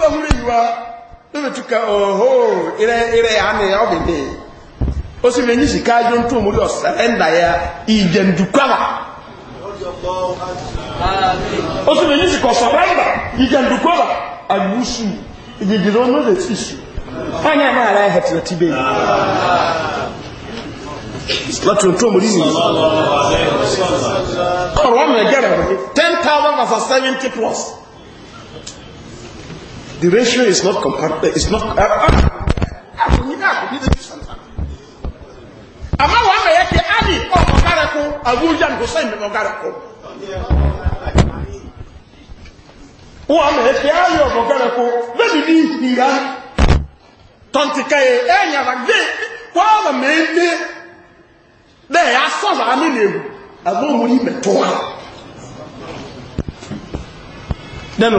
bahuri yiwa lóbi tuka oho ire ire ya ni ọbi osimiri o si menyi si kaajo ntu omori ọsẹrẹnda ya ijendukwara o si menyi si kọsọrẹnda ijendukwara agbusu ijijiri ọmọ rẹ ti anya ẹ máa ra ẹ hẹtìrẹ ti bẹyì omori na ọrọ ọmọ ẹgẹrẹ ten thousand versus plus. The ratio is not compatible. It's not. Uh, uh, Àmọ́ wàá mẹ̀yẹ kí Ali ọ̀gọ̀gára kó Abuja Hussein ọ̀gọ̀gára kó. Wàá mẹ̀yẹ kí Ali ọ̀gọ̀gára kó lẹ́nu ní ìhìrá tọ́ntìkẹ́yẹ ẹ̀yàrá gbé wàá mẹ̀yẹ gbé bẹ́ẹ̀ yà sọ̀rọ̀ àmì nìyẹn àbọ̀ òun ní mẹ̀tọ́ wa. Dẹ́nu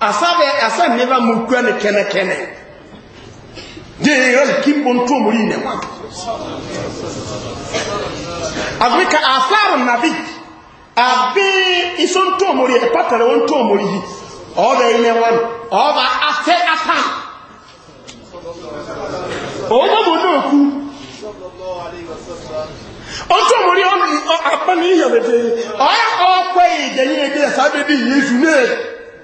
asabe asem neva mukwa ne kene kene de yo kimbo ntomo ri ne wa afrika asar nabi abi iso ntomo ri e patare won ntomo ri oda ine wan oba ate ata oba mo no ku ntomo ri on apani ya de oya okwe ide yin de sabe bi yesu ne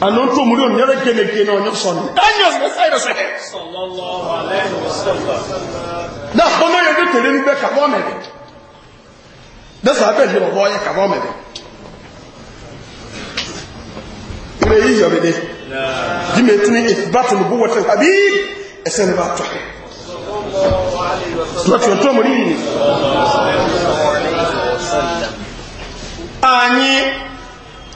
anonto muri on nyere kene kene on nyopson daniel be sai be sai sallallahu alaihi wasallam da tele ni be ka bo mebe da sa be je bo ye ka de dime tini e, isbat nubuwat alhabib esen ba to sallallahu alaihi wasallam to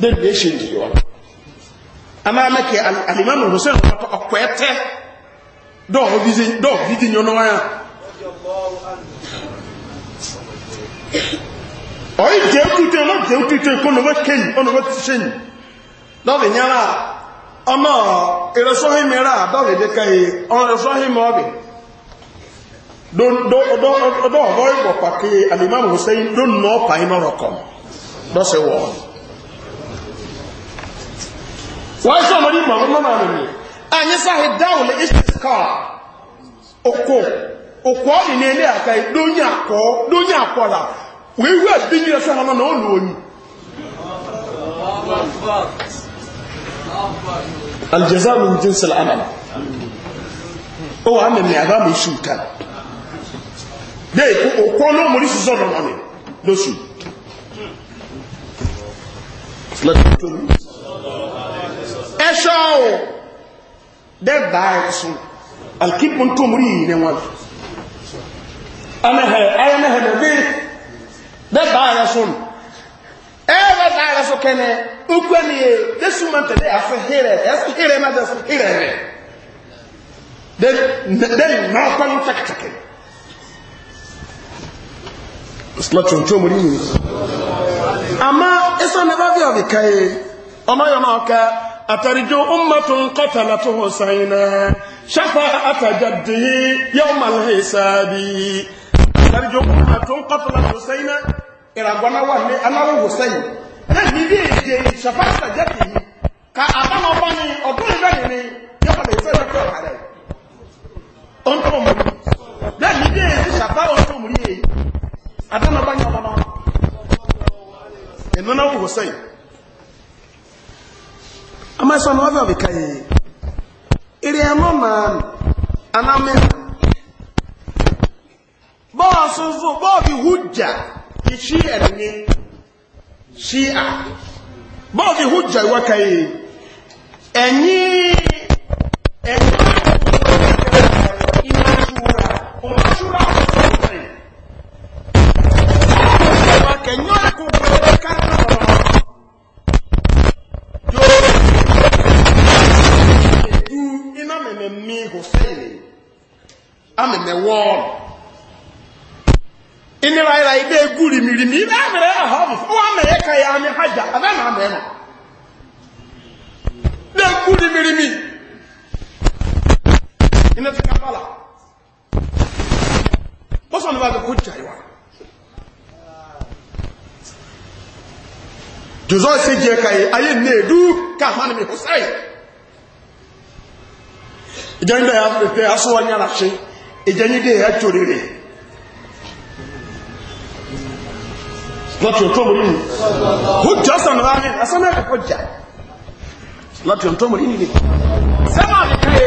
then they change you ama meke alimamu hussein ọkọ ọkọ ẹtẹ dọọ bizi dọọ bizi nyọnọ ya ọyị jẹ utute ọmọ jẹ utute kọ na ọba kenyi ọ na ọba tishenyi dọọbi nyara ọmọ ìrẹsọhìn mìíràn dọọbi dịka yi ọmọ ìrẹsọhìn mọọbi dọọ ọbọ ịgbọ pàkì alimamu hussein dọọ nnọọ pàì nọrọ kọm dọọsị wọọ wọ́n sọ ọmọdé ìmọ̀ ọmọ náà nìyí ẹni sáhì dáhùn lè ìṣẹ̀tì káà òkò òkò ọ̀nì ní ilé àkà lóyìn àkọ́ lóyìn àkọ́là wíwú ẹ̀bí ní ẹsẹ̀ ọmọ náà lò ní. aljaza mi jin sila amala ó wà mẹ́mẹ́ àbá mi sùn ká dé òkò náà mo ní sísọ ọ̀nà mi lóṣù. Let's go ẹ̀ṣọ́ ọ̀ dẹ́gbà ẹ̀sùn alkipun tó múrí yìí ní wọn ayẹmẹ́hẹ̀mẹ́bí dẹ́gbà ẹ̀sùn ẹ̀rọ bá ẹ̀sùn kẹ́nẹ ukú ẹni yẹ dẹ́sùn mọ́ tẹ̀lé ẹ̀sùn hírẹ̀ ẹ̀sùn hírẹ̀ má dẹ́sùn hírẹ̀ rẹ̀ dẹ́n náà pẹ́lú tẹ́kẹ̀tẹ́kẹ̀ Slutron tó múrí yìí. Àmá, ẹ̀sán ni bá bí ọ̀bì káyé ọmọ yọ náà ká àtàríjọ ọmọtò nkọtàlá tó hù sáyìn náà ṣàfà àtàjáde yóò máa lè sáàbì àtàríjọ ọmọtò nkọtàlá tó sáyìn náà ìràgbọ́náwà ní aláwọ̀ sáyìn náà níbi èdè ṣàfà àtàjáde yìí ka àbámọ̀ bá ní ọdún ìrẹ́ni ni yóò máa lè sáàbì tó hù rẹ̀ ó ń tó mú náà níbi tó mú rí èyí àdánà bá ní ọmọ náà ìnáná amasa na wavya vikaye iri amama aname baa soso baa bi hujja ti shi'a ne a. baa bi hujja wakaye enyi enyi imashura umashura wakanyora kukwelekana ameme wɔɔl inira yira yi bee gu rimirimi ibe amere yɛ hɔn fo ame yɛ ka yɛ ame hajja abe na ame no bee gu rimirimi ina ti ka bala bɔsɔn ne b'a kɛ ko ja yi wa jozɔ se jɛ ka ye a ye ne du ka hɔn mi ko sayi jɛn bɛ y'a fɛ a sɔrɔ ɲɛna se ìjẹnyídé ẹ̀ẹ́tòrí rẹ̀ láti ọ̀tọ́ mọ̀rí ni hujjá sàmàrà ní asánà ẹ̀kọ́ jà láti ọ̀tọ́ mọ̀rí ni sẹ́wà nìkẹ́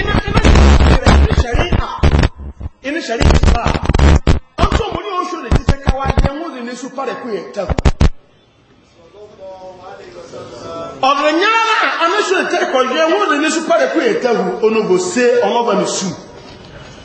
iná iná ìṣẹ̀rí ṣẹ̀rí à iná ṣẹ̀rí ìṣẹ̀rí à ọ̀tọ́ mọ̀rí oṣù rẹ̀ ti tẹ́ka wá jẹ́ wọ́n lè ní súpà rẹ̀ kúrẹ̀ tẹ́kù ọ̀rẹ̀ nyára anáṣọ̀ tẹ́kọ̀ jẹ́ wọ́n lè ní súpà rẹ̀ kúrẹ̀ tẹ́kù onógbò sé ọlọ́bàá ní sùn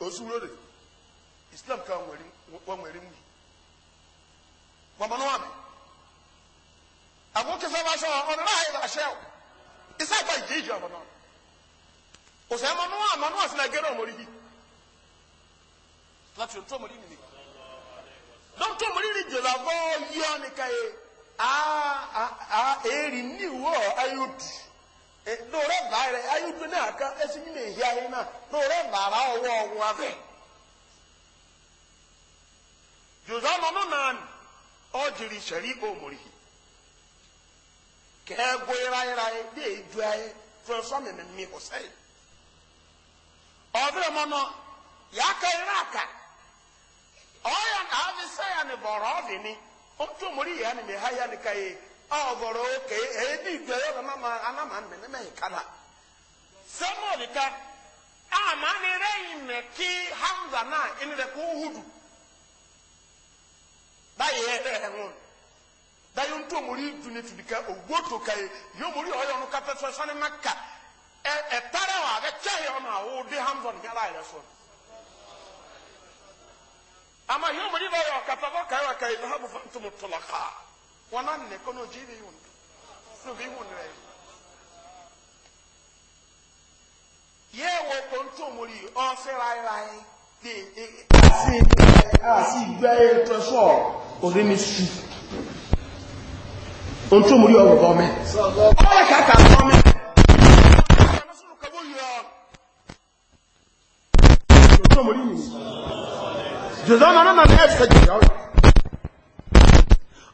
osuwurode islam ka wanwere mu wamano wame àwọn kẹfẹ bá sọ ọdún náà yẹ bá ṣẹ o isa gba ìdíje ọmọ náà òsè mọ nù àmọ nù àsìlẹ gẹrẹ ọmọ rìbí láti ọtọ ọmọ nìyí dọkítọ ọmọ rìbí jẹlẹ abọ yọ nìkan yẹ a a èrì níwọ ayọdù. lóòrẹ́ bá rẹ̀ ayélujára náà ká ẹsẹ̀ nínú èyí ayé náà lóòrẹ́ bá ara ọwọ́ ọwọ́ abẹ́. jòzá mọ́nú na ọ jiri sẹ̀rí òmùrì kẹ́ẹ́gbó iráyíráyí bí èjú ayé fún sọ́mìnì mi kò sẹ́yìn. ọ̀bẹ̀rẹ̀ mọ́nà ka irá àkà ọ ya ni ya eh. ọgọrọ oke ebi igwe ọgọ mama anama mmeneme kana sẹmọọlì ka ama ni rẹyìn mẹkì hamza náà ẹni rẹ kó hudu báyìí ẹ bẹ ẹ wọn dayo ntọ mori duni tibi ka owó tó ka yi yóò mori ọyọ ọnu kata sọ sani ma ka ẹ wa a bẹ kyẹ yẹ ọnu àwọn ọdẹ hamza ni yàrá yẹrẹ sọ ama yóò mori bá yọ kai, bọ kàyọ kàyọ ìlú hàbùfà ntọmọtọlọ kàá wọn náà nìyẹn kọ́ ní ojú ibi ìwùn ní obi ìwùn rẹ̀. yẹ́ wo kóńtó mórí ọ̀sẹ̀ ráíráí di sí àti ìgbẹ́ ètò ẹ̀ṣọ́ òde ní sù. kóńtó mórí ọ̀rọ̀ gọ́ọ̀mẹ̀. ọ̀rẹ́ kàkà gọ́ọ̀mẹ̀. kóńtó mórí nìyí. jòzọ́ mọ̀ náà nà ní ẹ̀ṣẹ̀ jìyà ọ̀rẹ́.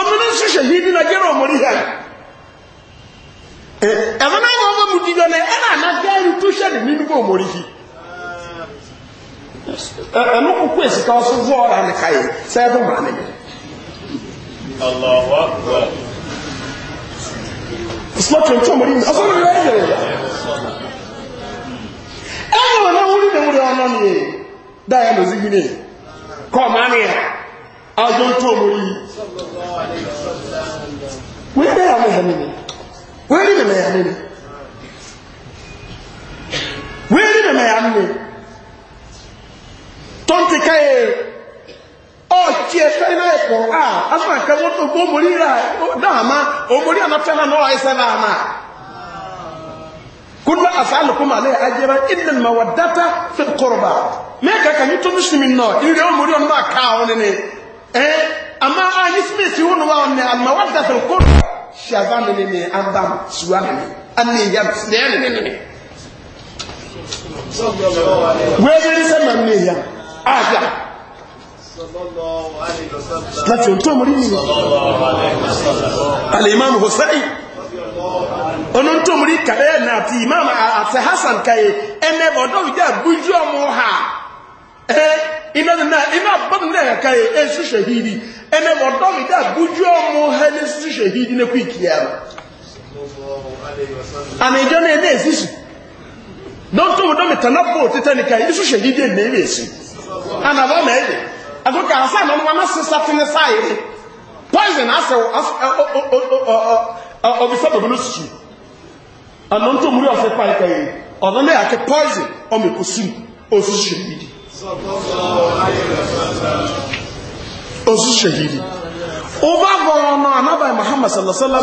ọmọdé ṣíṣe na ní nàìjíríà ọmọdé yẹn ẹ̀fọn náà wọ́n wọ́n mu dídí ọ̀nà ẹ̀nà ànágẹ́rù tó ṣẹlẹ̀ nínú bó ọmọdé yìí ẹ̀nu kúkú èsì kan sọ fún ọ̀rọ̀ àníkà yìí sẹ́ẹ̀fù màá nìyí. slọtì ntọ́ ọmọdé yìí ọsọ mi rẹ̀ náà wúlò ní ọ̀nà nìyẹn kọ́ ajo tó omori yi wọ́n yẹ́ yà mẹ́hẹ̀ nínú wọ́n yẹ́ nínú yà nínú wọ́n yẹ́ nínú yà nínú tó ń ti káyé ọ̀kí ẹ̀fẹ́ náà ẹ̀pọ̀ a aṣọ àkẹ́wọ́ tó gbọ́ omori rà náà má omori ànátẹ́ náà náà ẹ̀sẹ̀ náà náà kúlọ́ àfàlùkùn àlẹ́ ajẹ́rẹ́ ìdìnnà mọ̀wàdátà fẹ́ kọ̀rọ̀bà mẹ́ẹ̀kẹ́kẹ́ ní tó ń sinmi náà ìrẹ́ omori ọ̀nà káà ọ́ nínú eh ama ayi smith wo ne ama wa fil kun shava ne ne suwa ne ya ne ne ne ne wẹ́ẹ́rẹ́ sẹ́nà ní èyà ààjà láti ohun tó mú rí nìyàn al'imam hussein onun tó mú rí kàrẹ́ ti imam ha ina nina ina ban da ya kai e su shahidi ene wodo mi da buju omo hele su shahidi ne ku ikiyara ana ijo ne ne esisu don to mi tanabo tetani kai su shahidi ne ne esi ana ba me ede aso ka asa na nwa na sisa tini sai poison asa obisa bobo no su ana nto muri ase osu shahidi ọba gọrọ ọnà anábàá muhammad sallasala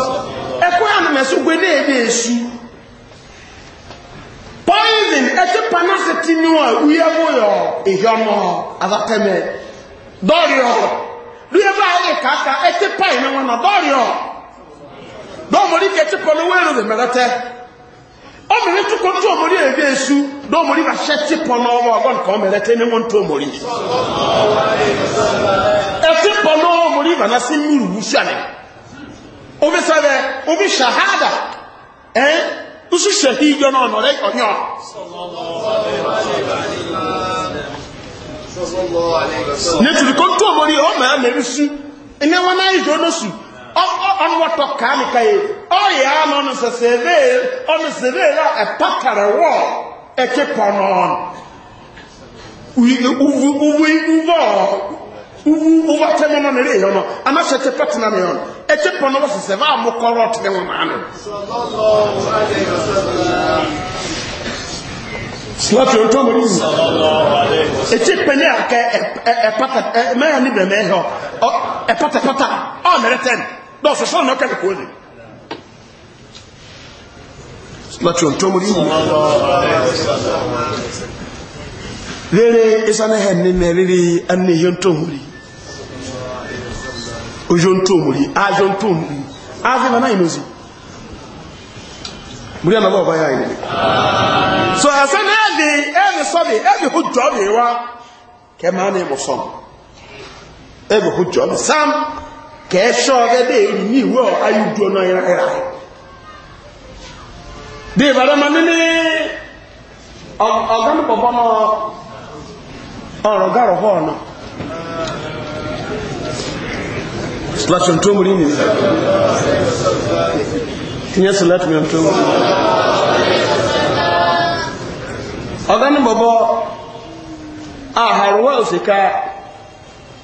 ẹkọ ya mẹsùn na ní èdè èṣù poison ẹtí panasi ti ní wọn wíyá ebe ìhẹ ọmọ abatẹmẹ dọrìọ dị ọmọdé tukọ̀ tó ebe ẹ̀bí èṣù lọ́mọdé bá ṣẹ́ tí pọ̀ lọ́wọ́ ọgọ́n kan mẹ́rẹ́ tẹ́ ní wọ́n tó ọmọdé ẹ̀tí pọ̀ lọ́wọ́ ọmọdé bá ná sí mìírù wúṣù àná omi sẹ́bẹ̀ usu ɔnwɔtɔ kaa mi ka yi ɔyɛ ama ɔno sɛsɛbee ɔno sɛbee la ɛpa karewɔ ɛkye kɔnɔɔ uvu uvu uvɔ uvu uvɔ tɛmɛ nɔ nere yɛ no ama hyɛ kye pɛ tena ne yɛ no ɛkye kɔnɔɔ wɔ sɛsɛbee a mo kɔrɔ tene wɔn ano. silati o tɔmɔ nimu eti pɛnɛ akɛ ɛpata ɛmɛ yanni bɛmɛ yɛ hɔ ɛpatapata ɔmɛrɛ tɛn. dɔɔso sɔɔ n'ɔkɛ ne kɔɔ de láti ọ̀n tó mú rí wù. rere isanahe ni na rere anihe na mú rí ojo tó mú rí ajo tó mú rí afi na náà inozi ọba ya so ẹsẹ̀ na ẹ̀dì ẹ̀dì sọ́bì ẹ̀dì hù jọ́ bì wá kẹ́ máa ní kẹ́ẹ̀ṣọ́ ọ̀rẹ́ dé èrì ní ìwé ayújú ọ̀nà ìrìnrìnà dé ìbàdàmà nílé ọ̀gánùpọ̀pọ̀ ọ̀rọ̀ gárọ̀ họ́ ọ̀nà slatun tó múrí ní tó múrí àhàrùwẹ́ òsìká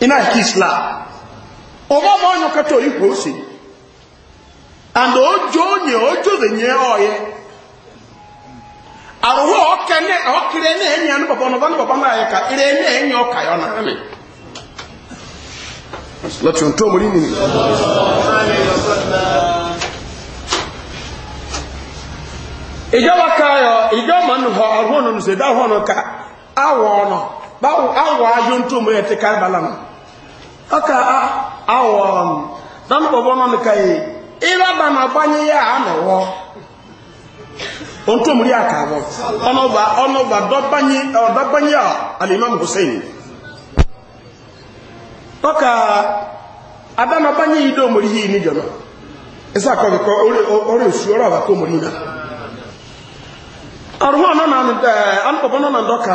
ina islam ọba ma ọnyọ kata and ojo onye ojo zenye ọyẹ arụhụ ọkene na-enye anụ baba ka ire na-enye ọka ya ọ na-amị lọtụ ntụ omori nini ìjọba kaayọ ìjọba nù họ ọhụrụ nù ọhụrụ ka bala Ọka aghọ ọnụ ndọba ọmọnụ ka gị e, ị gba na gbanye ya a na ụghọ. O ntu omuliaka agwọ ọnụ ọgba ọgba ọgba dọgbanye ọdọgbanye a na ime ọmụgwọsa ihe dọka agba na gbanye yi dọmori hiehie nijoro. Ese akọgo ka ọrịa osuo rọra aka na. Arụmọlọ anụ ndọka.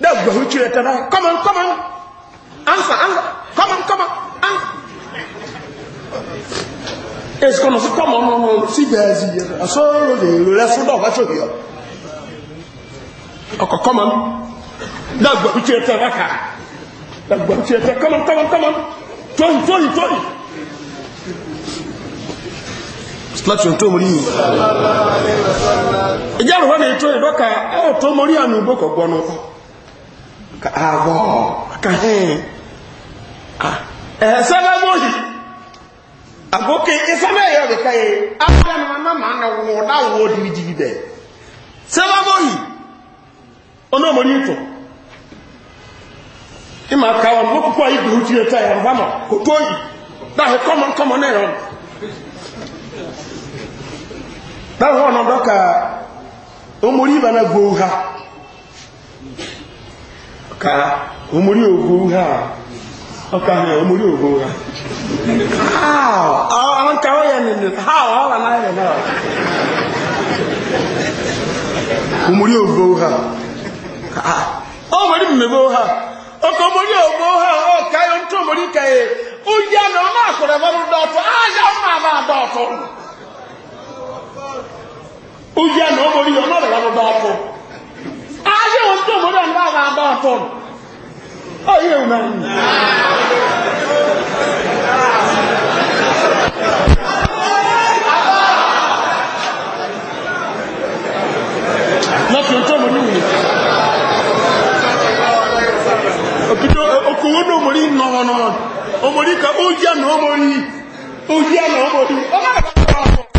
That was who you Come on, come on. Answer, answer. Come on, come on. Answer. It's going to come on, on, see there's a sorrow, the rest of the watch here. Okay, come on. That's what you tell Raka. That's what you tell. Come on, come on, come on. Toy, toy, toy. Splatoon tó mori yìí. Ìjẹ́ àrùwá ni ètò ìdọ́ka ẹ̀ tó mori àmì ìgbókọ̀ gbọ́nù. ka kàhìn ẹ̀ẹ́sẹ́lẹ́ mọ́yì àbókè ìsẹ́lẹ́ ẹ̀yọ́ rẹ̀ká yẹ ápẹ́nu amáma na wọ́n láwọ́ òdìrídìrí bẹ̀ sẹ́lẹ́ mọ́yì ọlọ́mọ ní ìtọ̀ ìmọ̀ àkàwọn lókùpọ̀ ìgbò tí ó tẹ́ ẹ̀rọ bámọ̀ kò tó yìí kọmọ kọ́mọ̀n kọ́mọ̀n ẹ̀rọ dáhùn ọ̀nà dọ́kà gbòó ha ka omori ogo ha ọka ha omori ogo ha àwọn kàwé ha ọ̀hún wà náà yẹn omori ogo ha ah. omori mmebo ha ọkọ omori ogo ha ọka yọ ntọ omori ka omori ayé wọn tó mọ́dọ̀ ní báwọn bá tọ́ ọ yé wọn náà ní. lọ́kùnrin tó mọ̀ ní wùyí. òkúta okòwò náà mọ̀ ní nọ̀wọ̀nọ̀wọ̀ ọmọ ní ká ó yá nà ọmọ ní ó yá nà ọmọ ní ọmọ náà bá tọ́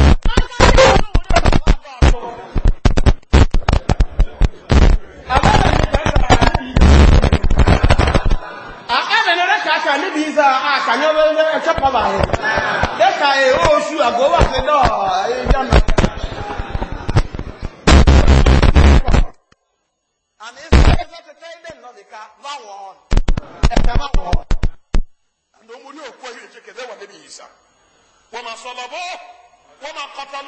ka níbi ìsà àkàní ọmọ ẹ̀kẹ́ pàbà rẹ̀ lẹ́ka èhó oṣù àgọ́wà fẹ́ náà ìjọba and it's better to tell them not the car that one ẹ̀ka má wọ̀ ló mú ní òkú ẹ̀yìn ìjẹ́kẹ̀ lẹ́wà níbi ìsà wọ́n máa sọ̀lọ̀ bó wọ́n máa kọ̀tà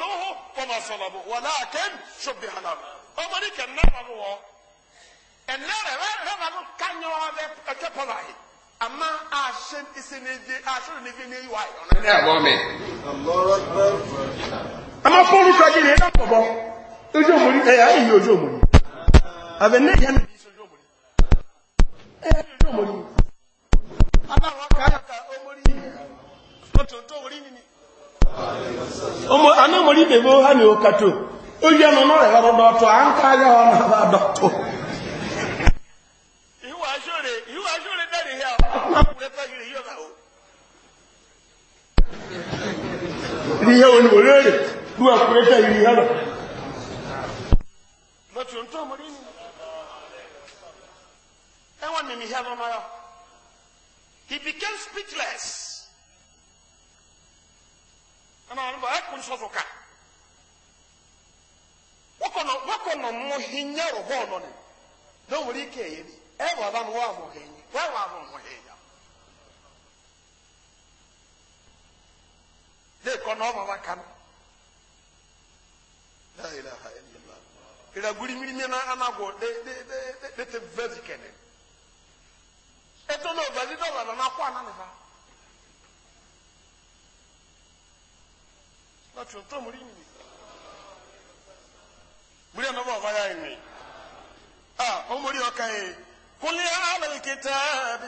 ama ahyɛ esenedze ahyɛ nedze ne yiwa ayɔ no. ɛnna ɛbɔ mi. ama fɔlɔ fila gyi ne yɛ dɔn bɔbɔ ojú omori ɛ e, yà ayi ojú omori abɛ ne yà ne bi sɛ ojú omori ɛ yà ojú omori o à ń ká are sure, you are sure that he here. You are here on the road. Who are prepared in here? Not your tomb, Marine. I want me here on my He became speechless. And I remember I couldn't suffer. Wọ́n kọ̀ nà mú hinyẹ́rù họ́ọ̀nù ni, náà wọ́n ni ɛwɔ ba no wɔ ahohenya wɔwɔ ahohenya dee kɔ na ɔma ba ka la ilaha illallah iraguri mirimi mena anago de de de de de te vɛzi kɛnɛ eto na obali dɔba na na kɔ ana ne ba na tuntun muri nyini muri ɛna ɔba ɔba Ah, yi ni a ɔmori ɔka قل يا أهل الكتاب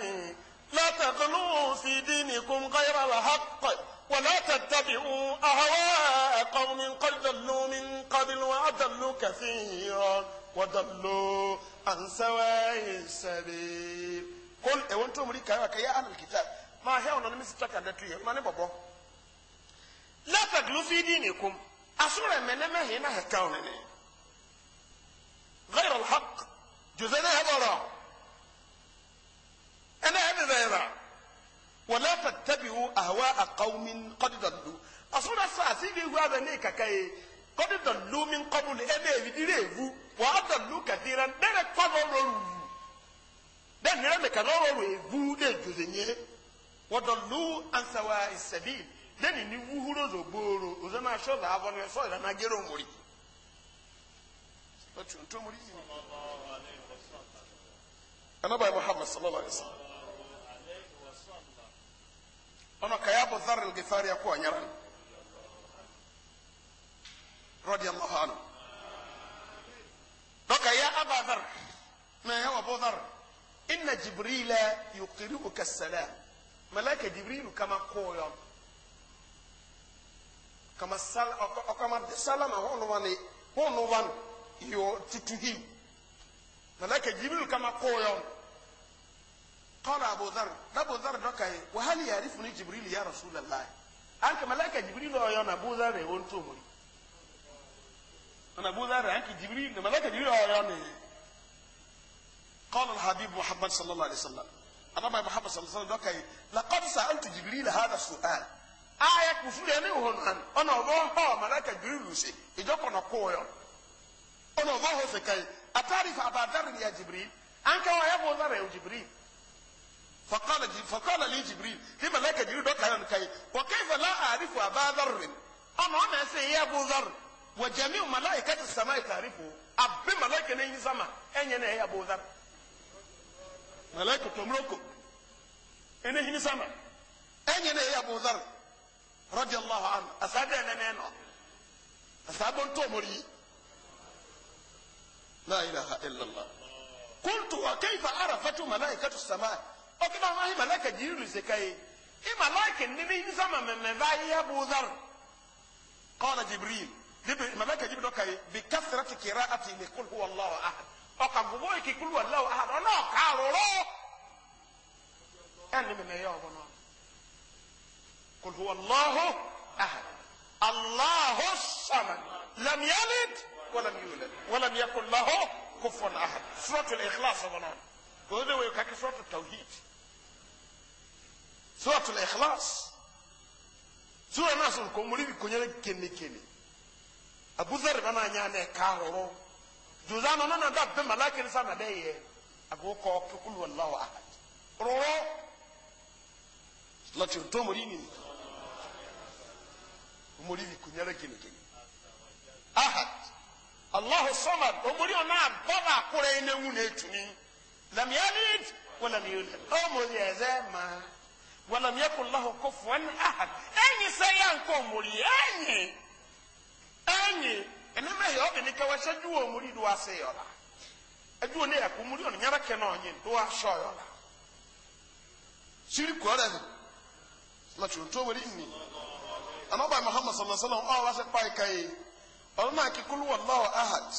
لا تغلوا في دينكم غير الحق ولا تتبعوا أهواء قوم قد ضلوا من قبل وأضلوا كثيرا وضلوا عن سواء السبيل قل إيه أنتم لي يا أهل الكتاب ما هي أنا مستك أن تيجي ما نبغى لا تغلوا في دينكم أسرع من ما هنا هكاونني غير الحق جزنا هذا أنا هذا لا يرى ولا تتبعوا أهواء قوم قد ضلوا أصلا سأسيبي هذا نيكا كي قد ضلوا من قبل أنا يديروا وأضلوا كثيرا دنا قبلوا دنا مكانوا إيه ويفو دجوزني وضلوا عن سواء السبيل dẹ́ni ní wúhúrò zògbòòrò òzò máa ṣọ́ọ̀bù abọ́ ní ẹ̀fọ́ ìlànà gẹ́rọ mórí ọtún tó mórí yìí. ẹnabàá muhammad sallallahu alayhi wa هنا كياب الذر القفار يقوى نيران رضي الله عنه دوك يا أبا ذر ما هو أبو ذر إن جبريل يقربك السلام ملاك جبريل كما قوي كما سال كما سلام هو نواني هو نوان يو تتهي ملاك جبريل كما قوي قال أبو ذر أبو ذر دكاي وهل يعرفني جبريل يا رسول الله أنك ملاك جبريل أو يونا أبو ذر وانتم أنا أبو ذر أنك جبريل ملاك جبريل أو يونا قال الحبيب محمد صلى الله عليه وسلم أنا محمد صلى الله عليه وسلم دكاي لقد سألت جبريل هذا السؤال aya kufuru ɛne wɔ no ano ɔna ɔbɔ hɔ malaka jirilu se ejɔkɔ na kɔɔ yɔ ɔna ɔbɔ hɔ sɛ kai atari fa abadari ni ya jibiri فقال فقال لي جبريل لما لك جبريل دوك هان كاي وكيف لا اعرف ابا ذر اما ما سي إيه ابو ذر وجميع ملائكه السماء تعرفه ابي ملائكه ني سما اني انا ابو ذر ملائكه تمركم اني هي سما اني انا ابو ذر رضي الله عنه اسعد انا انا اسعد انت مري لا اله الا الله قلت وكيف عرفت ملائكه السماء ɔkida ɔna ayi malaka jirilu seka yi imalaka nini nisama mɛmɛ ba yi abu dhar kɔla jibril jibril malaka jibril ɔka yi bi kasirati kira ati ni kul huwa allahu ahad ɔka gbogbo yi ki kul huwa allahu ahad ɔna ɔka aroro ɛni mɛmɛ yɛ ɔbɔ nɔ kul huwa allahu ahad allahu samad lam yalid ولم يولد ولم يكن له كفوا احد سوره الاخلاص ظنان وهذا هو كسوره التوحيد sọ́ọ̀tù lẹ̀ ẹ̀kílásì sọ́ọ̀tù náà sọ̀rọ̀ kò mórí bi kò nyẹ́rẹ́ kénekène abuzari bá náà nyà ní ẹ̀ka ahọ́rọ́ jùzá náà nínú ẹ̀dá bẹ́ẹ̀ màláàkì ní sànà bẹ́ẹ̀ yẹ àgọ́kọ́ kíkúlù ọ̀làwọ̀ àhàd rọ̀rọ̀ lọ́tù tó mórí ni mórí bi kò nyẹ́rẹ́ kénekène ahàd allahu samad omori ọ̀nà àbọ̀bà àkúrẹ́ yẹn náà ń wù ní ètùmí lẹ́mìí ẹni wọ́n ولم يكن له كفوا احد اني سيانكم مري اني اني انما هي ابن كواشدو مري دو اسيولا ادو ني اكو مري اون نيارا كن اون ين دو اشولا شرك ولا لا تشوتو ولي اني انا با محمد صلى الله عليه وسلم اه واسه باي كاي اولما كل والله احد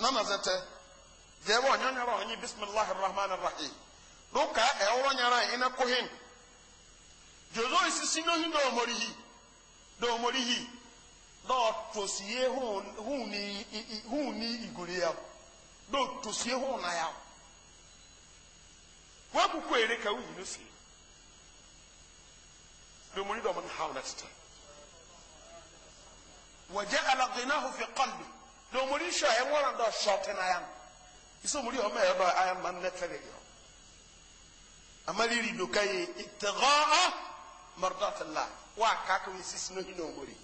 نما زته ذي وان ينرا بسم الله الرحمن الرحيم لوكا اورو نيارا ان كوهين dzodzo esisi n'ohi n'omori hi n'omori hi n'otosie hu ni hu ni igure ya n'otosie hu na ya w'akwụkwọ ere ka uyi n'ofe n'omori dọmọ ha ọ na-atịta wàjẹ alagina hufi kọlbi n'omori nsọ ya nwere ndọ shọtị na ya isi omori ọmọ ya dọ ya ma nnetere ya amaliri doka ya itagaha mardat allah wa kaka wi sisino hino mori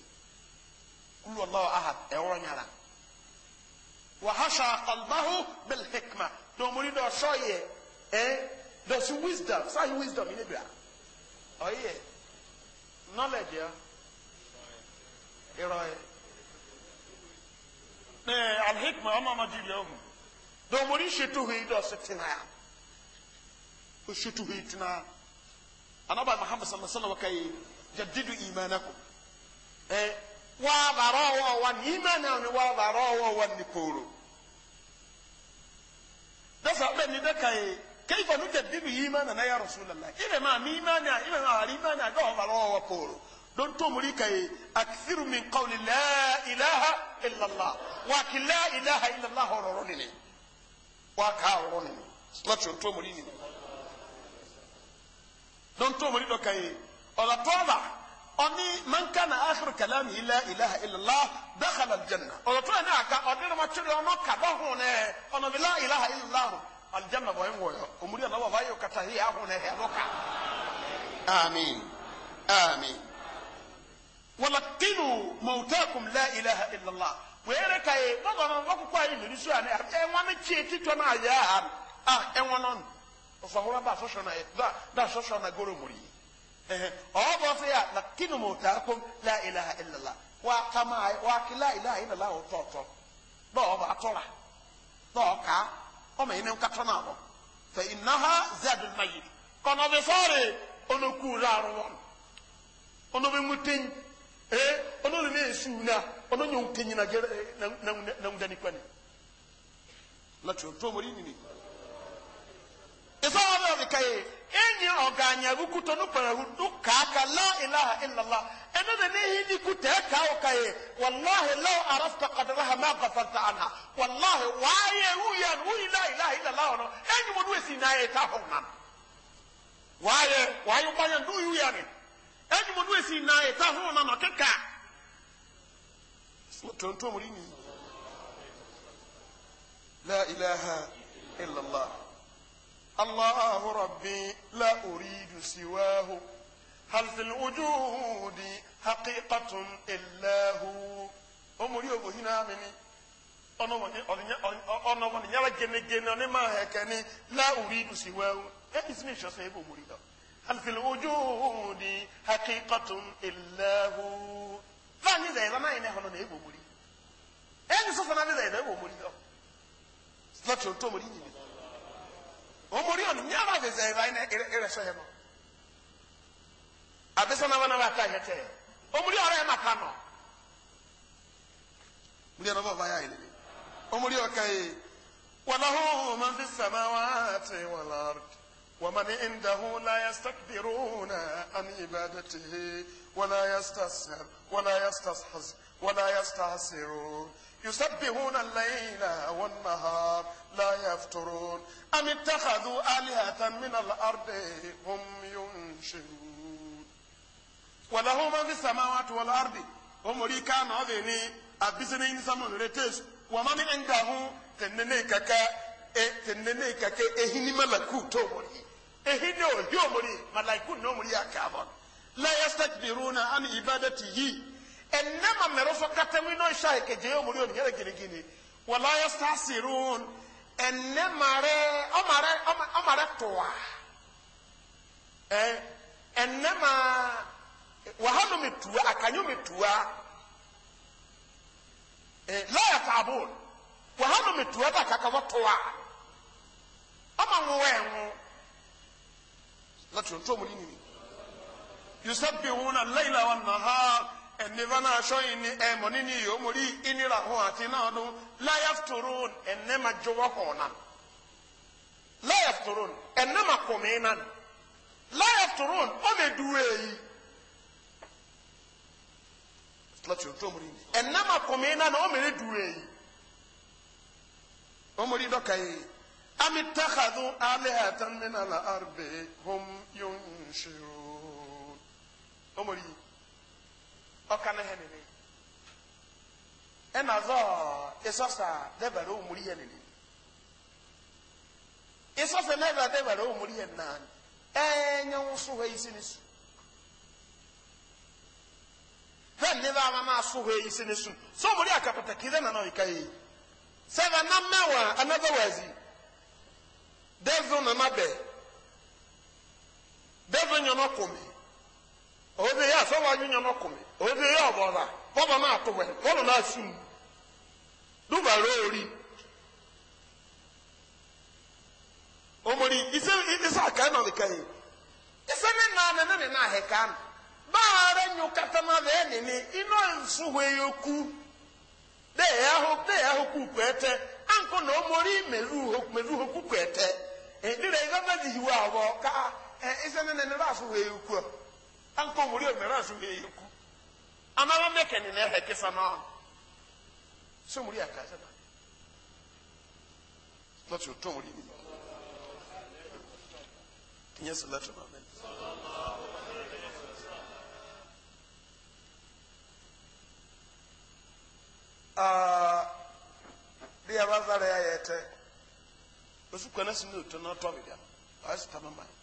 kulu allah ahad e eh, wonyala wa hasha qalbahu bil hikma do mori do soye eh do su wisdom sai wisdom ni bia oh knowledge ya iroy eh al hikma ama majili yahu do mori shetu hi do setina ya shetu hi tina أنا بعد محمد صلى الله عليه وسلم وكي جددوا إيمانكم إيه وابروا ونيمانا وابروا ونكوروا ده سأبني ده كي كيف نجدد إيماننا يا رسول الله إذا ما ميمانا إذا ما ريمانا ده وابروا وكوروا don to muri ka ye akithiru min qawli la ilaha illallah wa ki la ilaha illallah ɔrɔrɔ ni ne wa ka ɔrɔrɔ ne lati to muri ne. don to mo nido kai ola tola oni man kana akhiru kalami la ilaha illa allah dakhala al janna ola tola na ka odiro ma chiri ono ka ba hu ne ono bi la ilaha illa allah al janna bo en woyo umuri allah wa bayo kata hi ahu ne he roka amin amin walaqinu mautakum la ilaha illa allah were kai bogo no boku kwa ni nisu ane e won mi chi ti to na ya ah e won no ɔfahora ba asɔsɔ na da da asɔsɔ na goro muri ɛhɛn ɔbɔ fɛ ya na kinu mu ta kom la ilaha illallah wa kama wa kila ilaha illallah o tɔtɔ e, na ɔba atɔra na ɔka ɔma yi ne nkatɔ na ɔbɔ fɛ inaha zɛdu na yi kɔnɔ bi sɔɔri ɔno kuu laaru wɔn ɔno bi ŋuten ee ɔno ni ne esu na ɔno nyɛ ŋuten nyina gɛrɛ na ŋudani kwani na tuntun mori nini? isa ọbẹ ọbi ka ye enyi ọganya wukuto no parahudu kaaka la ilaha illallah ẹni na ne yi ni kuta ẹka o ka ye walahi law arafta qadaraha ma gafarta anha walahi waaye wuya wuyi la ilaha illallah ọno enyi mo nuwe si na ye ta hɔ nam waaye waaye wanya ndu wuya ni enyi mo nuwe si na ye ta hɔ nam ɔkeka tontom ni la ilaha illallah. الله ربي لا أريد سواه هل في الوجود حقيقة إلا هو أمري أبو هنا مني ọ̀nà wọn yàrá gẹ́nẹ́gẹ́nẹ́ ọ̀nà máa hẹ̀kẹ́ ni láwùrí ìdùsí wẹ́wù ẹ̀ ìsinmi ìṣọ̀ṣẹ́ ibò mórí lọ. àlùfẹ́lẹ̀ ojú òun ni akíkọ̀tún ìlẹ́hù. fáàní ìdá ìlànà yìí náà ọ̀nà ìbò mórí. ẹ̀yìn sọ́sọ́ náà ìdá ìbò mórí lọ. lọ́tí omori ono nyaba veza eva ina ere so hebo abesa na bana bata hete omori ora ema kano muli ono baba ya ile omori okaye وله من في السماوات والأرض ومن عنده لا يستكبرون عن عبادته ولا يستسهر ولا يستسحز ولا يستحسرون يسبحون الليل والنهار لا يفترون أم اتخذوا آلهة من الأرض هم ينشرون وله ما في السماوات والأرض هم ريكا نوذيني أبسني نسمون وما من عنده تنني كاكا إيه، تنني كاكا إهني ملكو تومري إهني يومري ملكو نومري أكابون لا يستكبرون عن عبادته ɛnɛma mɛrɛfɔ katami n'o sa yi kɛjɛ yɛ omori oniyɛrɛ ginigini wala yɛ sa sirun ɛnɛma rɛ ɔma rɛ ɔma rɛ tɔwa ɛ ɛnɛma wahalo mi tuwa akanyo mi tuwa ɛ lɔya taabo wahalo mi tuwa ta kaka wɔ tɔwa ɔma ŋuwɛ ŋu lati o tó omori nini yusuf bi wuna layla wa nahar ẹnìfà náà sọyìn ni ẹ mọ nínú yìí ó mọ rí ìnira hàn àti náà dún láyàfùtòrò ẹnẹ máa jọwọ hàn náà láyàfùtòrò ẹnẹ máa kọ mí náà láyàfùtòrò ó lè dúró èyí láti ọjọ́ mọ rí ni ẹnẹ máa kọ mí náà ó mèrè èyí ó rí dọ́kà yìí àmì tàkàdù alẹ́ àtàmínà làárẹ̀ hom yóò ń ṣe ó mọ rí yìí ɔka na hɛ ne ne ɛna zɔɔ esɔsa dɛbɛrɛ omuri yɛ ne ne esɔsa nɛbɛrɛ dɛbɛrɛ omuri yɛ nan ɛɛnyɛ nso hɔ yi si su fɛn ne baa ma e e e so hɔ yi si su so omuri akapata kiri na na ɔyika yi sɛbɛ na mɛwa anabɛ wazi dɛvɛ na ma bɛ dɛvɛ nyɔnɔ kɔmi ɔwɔ bɛ yɛ asɔwɔ anyi nyɔnɔ kɔmi. obi ya ọbọla bọba na atụ wee bọba na asụ m dubara ori omori ise ise aka nọ dị ka yi ise ne na ne ne na ahịka m baara nyu katama bee nini ino nsuhu eyoku dee ya ho de ya ho kuku ete anko na omori meru ho meru ho kuku ete ndire ebe ba di hiwa ọbọ ka ise ne ne ne ba asụ eyoku anko omori o meru asụ eyoku ama ba mɛkɛ ne na ɛhɛ kisa na ɔn sɛ mo ri aka sɛ ba lɔtɔ tó mo ri ni nyɛ sɛ lɔtɔ ma mɛ. bí a bá sára yà yẹ tẹ oṣù kan náà sì ní òtún náà tọ́ mi dà ọ̀ ẹ́ sì ta mọ́ mọ́ ẹ̀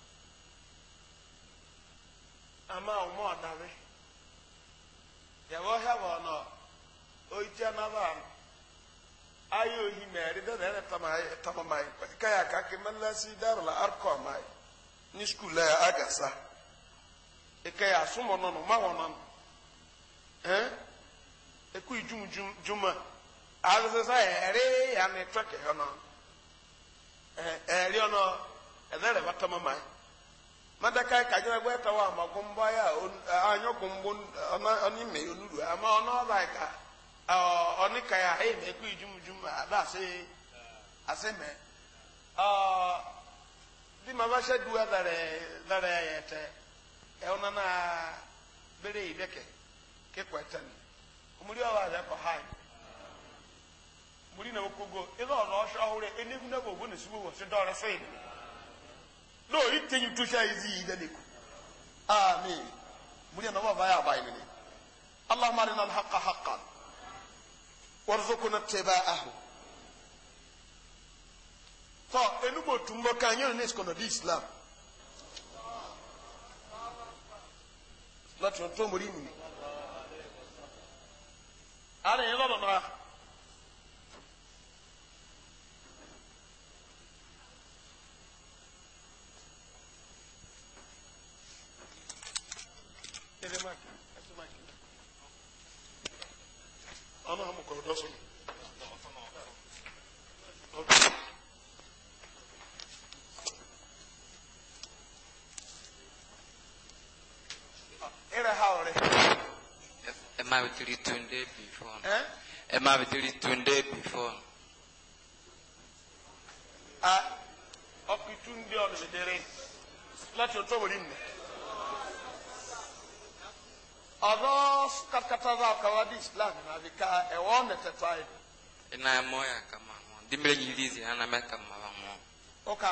àmọ́ àwọn ọmọ ọ̀dà rẹ̀ yàwó hẹwọ nọ oyitia nava ayé oyin mẹrin dẹdẹ ẹrẹ tama mayi káyà kàkí mẹlẹsì dàrúlà arkọ mayi ní sukùl lẹyà agasa ìkẹyà súnmọ nọnù máwọ nọnù ẹn ekú ìjùmùjùmọ alẹsẹsẹ ẹrí yà ni tọkẹ yọ nọ ẹrí ọ nọ ẹdẹ ẹrẹ bá tama mayi. madaka ka nyɛ gbɛ ta wa ma gumba ya anyɔ gumbo ɔni olulu ama ɔnɔ ba ka ɔ ka ya eyi mɛ kuli jumujum ada ase ase ma ba sɛ du adarɛ adarɛ yɛ e ɛwɔ nana bere yi dɛkɛ kekɔ ɛtɛ ni omuli wa omuli na wo kogo ɛlɛ ɔnɔ na ne No, lóòrí tẹ̀yìn tó ṣe àyèzí yìí dẹ́lẹ̀ kù ami múlẹ̀ náà wà báyà báyìí nìyẹn allahumma arina alhaqa haqqan warzuqna tibaahu tọ́ enugbo tún bọ́ ká yẹn ní ìsìkọ̀nà di islam lọ́tún tó mórí nìyẹn. ara yẹn not náà. Ele maki, ele maki. Ana hamu kwa haore. tunde before. Eh? Emma vituri tunde before. Ah, okitunde on the dere. Let your trouble in me. ọ̀dọ́ katakata akawadi islam na adika ẹ̀wọ́ mẹ́tẹ̀ẹ̀tọ́ ayé. ina mọ́ọ̀yà kama wọn dimire nyirizi zi ana mẹ́ kama wọn. ọkà.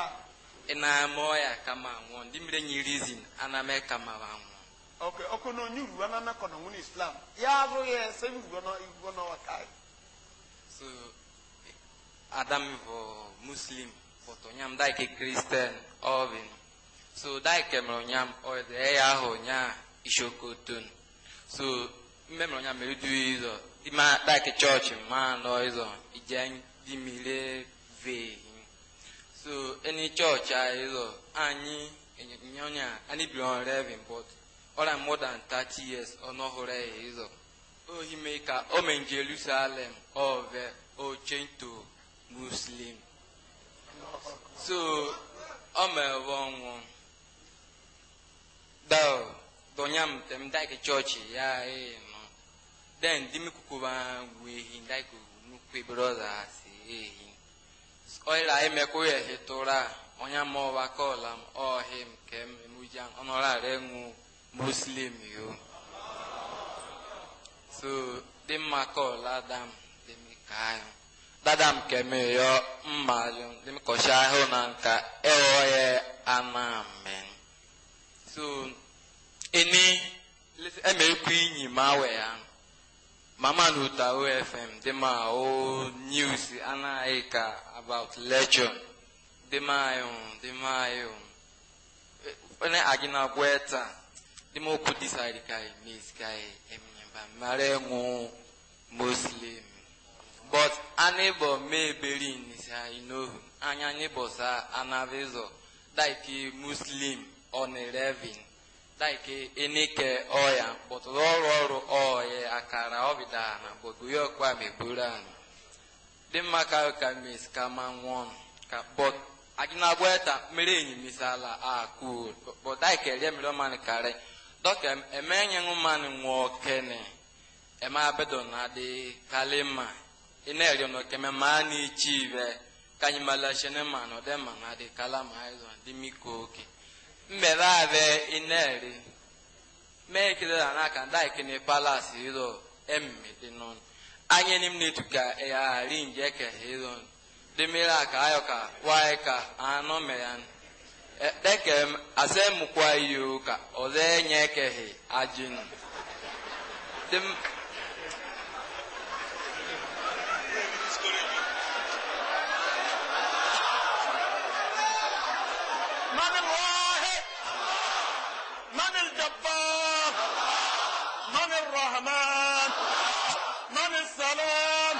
ina mọ́ọ̀yà kama wọn dimire nyirizi zi ana mẹ́ kama wọn. ok ọkọ náà ní ìwúwa náà nàkọ náà islam ya yẹ sẹbi ìwúwa náà ìwúwa náà wà káyé. so adam vọ muslim pọtọ nyam daike kristian ọbin so daike mẹrọ nyam ọ ẹ e yà ahọ nya isokoton. so mmemme onye mere du izo ima like church ma no izo ije di mile ve so any church a izo anyị enyonya anyị bi on eleven but ọra more than 30 years ọnọ hụrụ ya izo ohime ka o me jerusalem ove o change to muslim so ọ mere ọnwụ dao donyam tem dai ke church ya eh no then dimi kukuba wehi dai ku nukwe brother si eh oila ime eh, ku ye hitora onya mo ba kola o him eh, kem mujan onora rengu muslim yo so dimma kola dam dimi kayo dadam keme yo mmalum dimi kosha ho nanka ewo eh, ye anamen so ini emekwu inyi ma we ya mama na uta ofm dị ma o news anaghị ka about legend dị ma anyị dị ma anyị e, onye agị na agwa taa dị okwu disari ka anyị e miss ka anyị e, mara enwu muslim but anya anyị muslim like enike oya but ọrụ ọrụ oye akara ọbịda na but uyo kwa megburu anyị dị mma ka ka mis ka ma nwụọ ka but agịnagbo eta mere enyi misala akụ but like erie mere ọmanị karị dọka eme enye nụmanị nwụọ kene eme abedo na adị kalị mma ị na-eri ọnụ keme ma na-echi ibe ka anyị malashenema na ọdema na adị kala ma ịzụ dị miko oke mmerave ineri mekele da n'aka ndị ikene palas iro emmedi nọ anya nim netu ka ya rinje ke iro de mira ka ayo ka wae ka ano meyan deke asem kwa yu ka oze nye ke he ajin dem Mami, الرحمن من السلام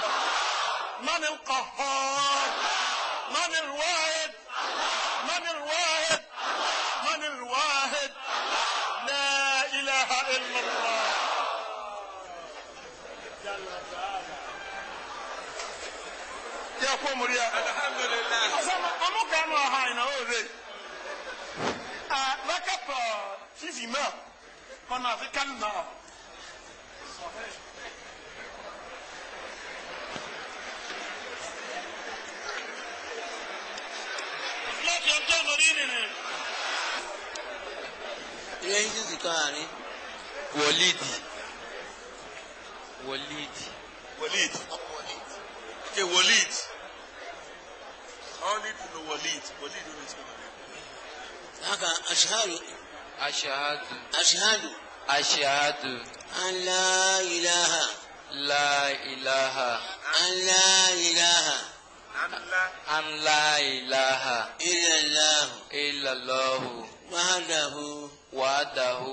من القهار من الواحد من الواحد من الواحد لا إله إلا الله يا قوم يا الحمد لله أسمع أمك أنا هاينا أوزي لك آه، فيزيما أنا في كلمة الجبرين ينجز كاني وليدي وليدي وليد أبو وليد كي وليد خالد بن وليد وليد بن جبرين هكا أشهد أشهد أشهد أشهد أن لا إله لا إله أن لا إله أن لا إله إلا الله إلا الله وحده وحده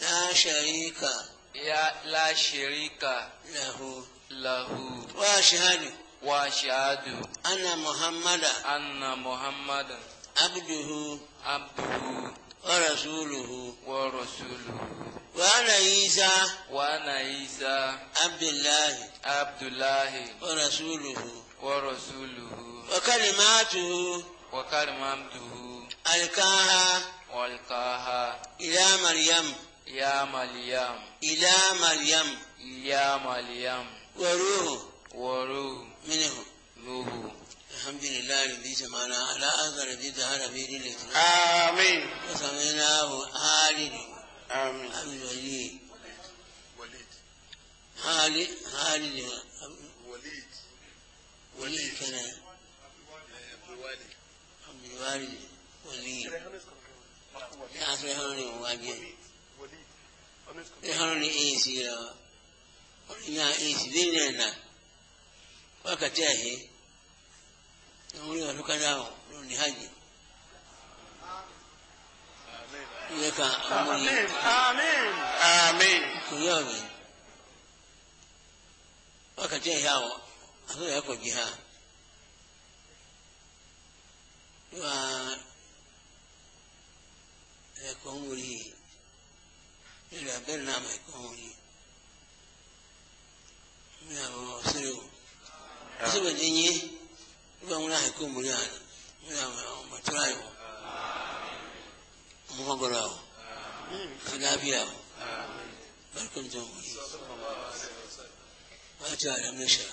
لا شريك يا لا شريك له له وأشهد وأشهد أن محمدا أن محمدا عبده عبده ورسوله ورسوله وأنا عيسى وأنا عيسى عبد الله عبد الله ورسوله ورسوله وكلماته وكلمته ألقاها وألقاها إلى مريم يا مريم إلى مريم يا مريم وروح وروح منه روح الحمد لله الذي سمعنا على أثر الذي ظهر به للإكرام آمين وسمعناه خالد آمين عبد الوليد خالد خالد wali fana abdulwari wali asre hano ni waje e hano ni isi la na isi dine na wakati ahe na uli watuka nao ni haji yeka amani amen amen kuyawe wakati ahe hao Tức là của jihad. Và là con người là bên nam hay con người là một sự sự bệnh gì vâng là cùng với nhau là một trai một con gấu خلافيا بل كنتم وأتى لم نشأ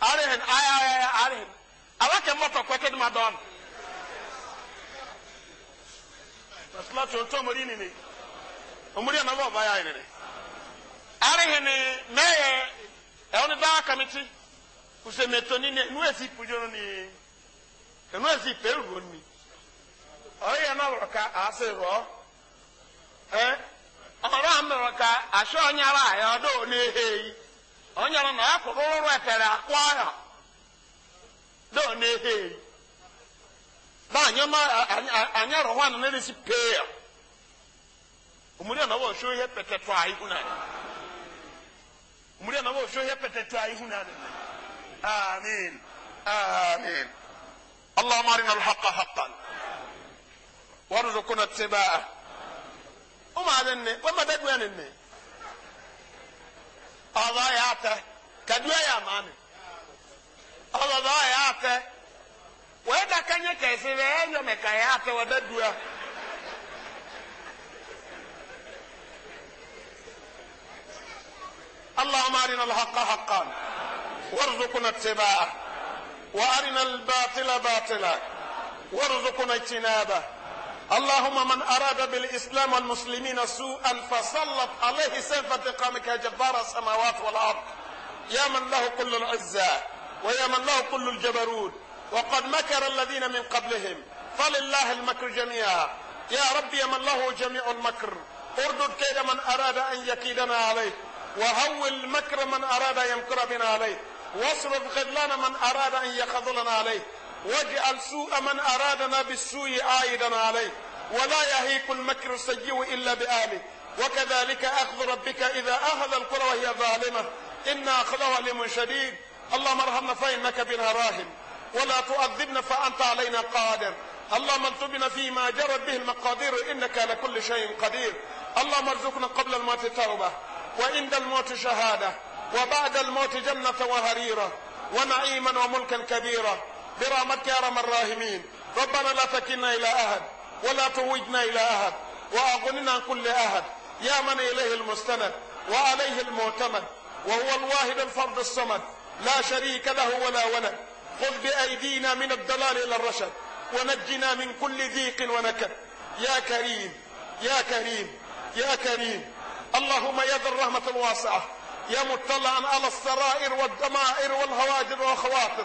arihin ayayaya arihin alaka mmoto kweke di madon masilatu nto omori nini omori anaba ọba ya ayinere arihin meye e ẹwọn ni dawa kamiti usemeto nini enu esi pujo ni enu esi peru ni ọrẹ ka e, ka ehe onyara na akụrụ ụrụ etere akụ ahịa dọọ na-ehe na anyama anya rọwa na na-esi pee ya omuri na wọ ọsọ ihe petetọ a ihu na omuri na wọ ihe petetọ a ihu na amin amin اللهم ارنا الحق حقا وارزقنا اتباعه وما ذنب وما بدو ذنب ọba ya atẹ kadua ya maame ọba ya atẹ wọ́n da kanye kẹsí rẹ̀ ẹ̀ ẹ̀ mẹ̀ka ya atẹ wọ́n bẹ dua. اللهم ارنا الحق حقا وارزقنا اتباعه وارنا الباطل باطلا وارزقنا اجتنابه اللهم من أراد بالإسلام والمسلمين سوءا فسلط عليه سيف انتقامك يا جبار السماوات والأرض يا من له كل العزة ويا من له كل الجبروت وقد مكر الذين من قبلهم فلله المكر جميعا يا رب يا من له جميع المكر اردد كيد من أراد أن يكيدنا عليه وهول مكر من أراد أن يمكر بنا عليه واصرف خذلان من أراد أن يخذلنا عليه واجعل سوء من أرادنا بالسوء عائدا عليه ولا يهيك المكر السيء إلا بآله وكذلك أخذ ربك إذا أخذ القرى وهي ظالمة إن أخذها لم شديد اللهم ارحمنا فإنك بنا راهم ولا تؤذبنا فأنت علينا قادر اللهم انتبنا فيما جرت به المقادير إنك على كل شيء قدير اللهم ارزقنا قبل الموت توبة وعند الموت شهادة وبعد الموت جنة وهريرة ونعيما وملكا كبيرا برحمتك يا ارحم الراحمين ربنا لا تكلنا الى احد ولا توجنا الى احد واغننا عن كل احد يا من اليه المستند وعليه المعتمد وهو الواحد الفرد الصمد لا شريك له ولا ولد خذ بايدينا من الضلال الى الرشد ونجنا من كل ضيق ونكد يا كريم يا كريم يا كريم اللهم يا ذا الرحمه الواسعه يا مطلعا على السرائر والدمائر والهواجر والخواطر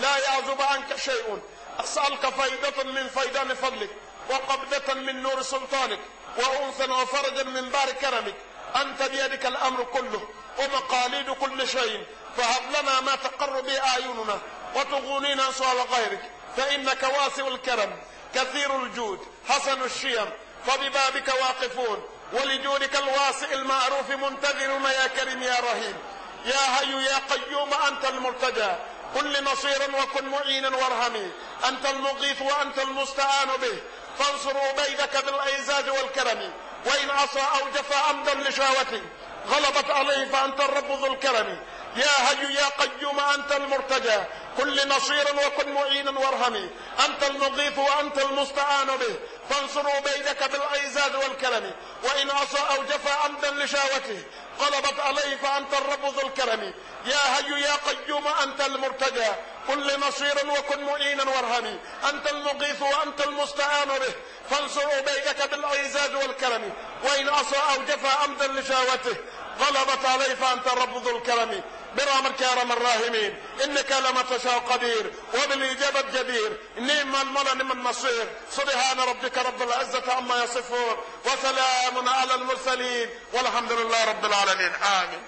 لا يعزب عنك شيء أسألك فيضة من فيضان فضلك وقبضة من نور سلطانك وأنثى وفرجا من بار كرمك أنت بيدك الأمر كله ومقاليد كل شيء فهب لنا ما تقر به أعيننا وتغنينا سوى غيرك فإنك واسع الكرم كثير الجود حسن الشيم فببابك واقفون ولجودك الواسع المعروف منتظرون يا كريم يا رحيم يا حي يا قيوم أنت المرتجى كن نصيرا وكن معينا وارهمي أنت المغيث وأنت المستعان به فانصر عبيدك بالإعزاز والكرم وإن عصى أو جفى عمدا لشهوته غلبت عليه فأنت الرب ذو الكرم يا هي يا قيوم أنت المرتجى كل نصير وكن معينا وارهمي أنت المضيف وأنت المستعان به فانصر عبيدك بالإعزاز والكرم وإن عصى أو جفى عمدا لشهوته غلبت عليه فأنت الرب ذو الكرم يا هي يا قيوم أنت المرتجى كل نصير وكن مؤينا وارهمي أنت المغيث وأنت المستعان به فانصر أبيك بالعزاز والكرم وإن أصى أو جفا أمدا لشاوته غلبت عليه فأنت الرب ذو الكرم برامك يا رم الراحمين إنك لما تشاء قدير وبالإجابة الجدير نيم المولى نعم النصير سبحان ربك رب العزة عما يصفون وسلام على المرسلين والحمد لله رب العالمين آمين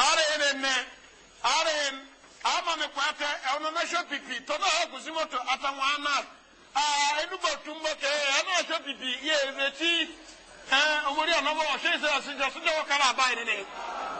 أرئن إن أرئن أما نقاطع أو نشأ بيبي تنهى قسمة أتوانا ẹnubọ túnbọ kẹ ẹnu ọsẹ pipi yẹ ẹrẹ tí ẹ ọmọdé ànáwó ọsẹ ìṣẹlẹ ọsẹ ìjọsìn lọwọ kára àbáyé nínú.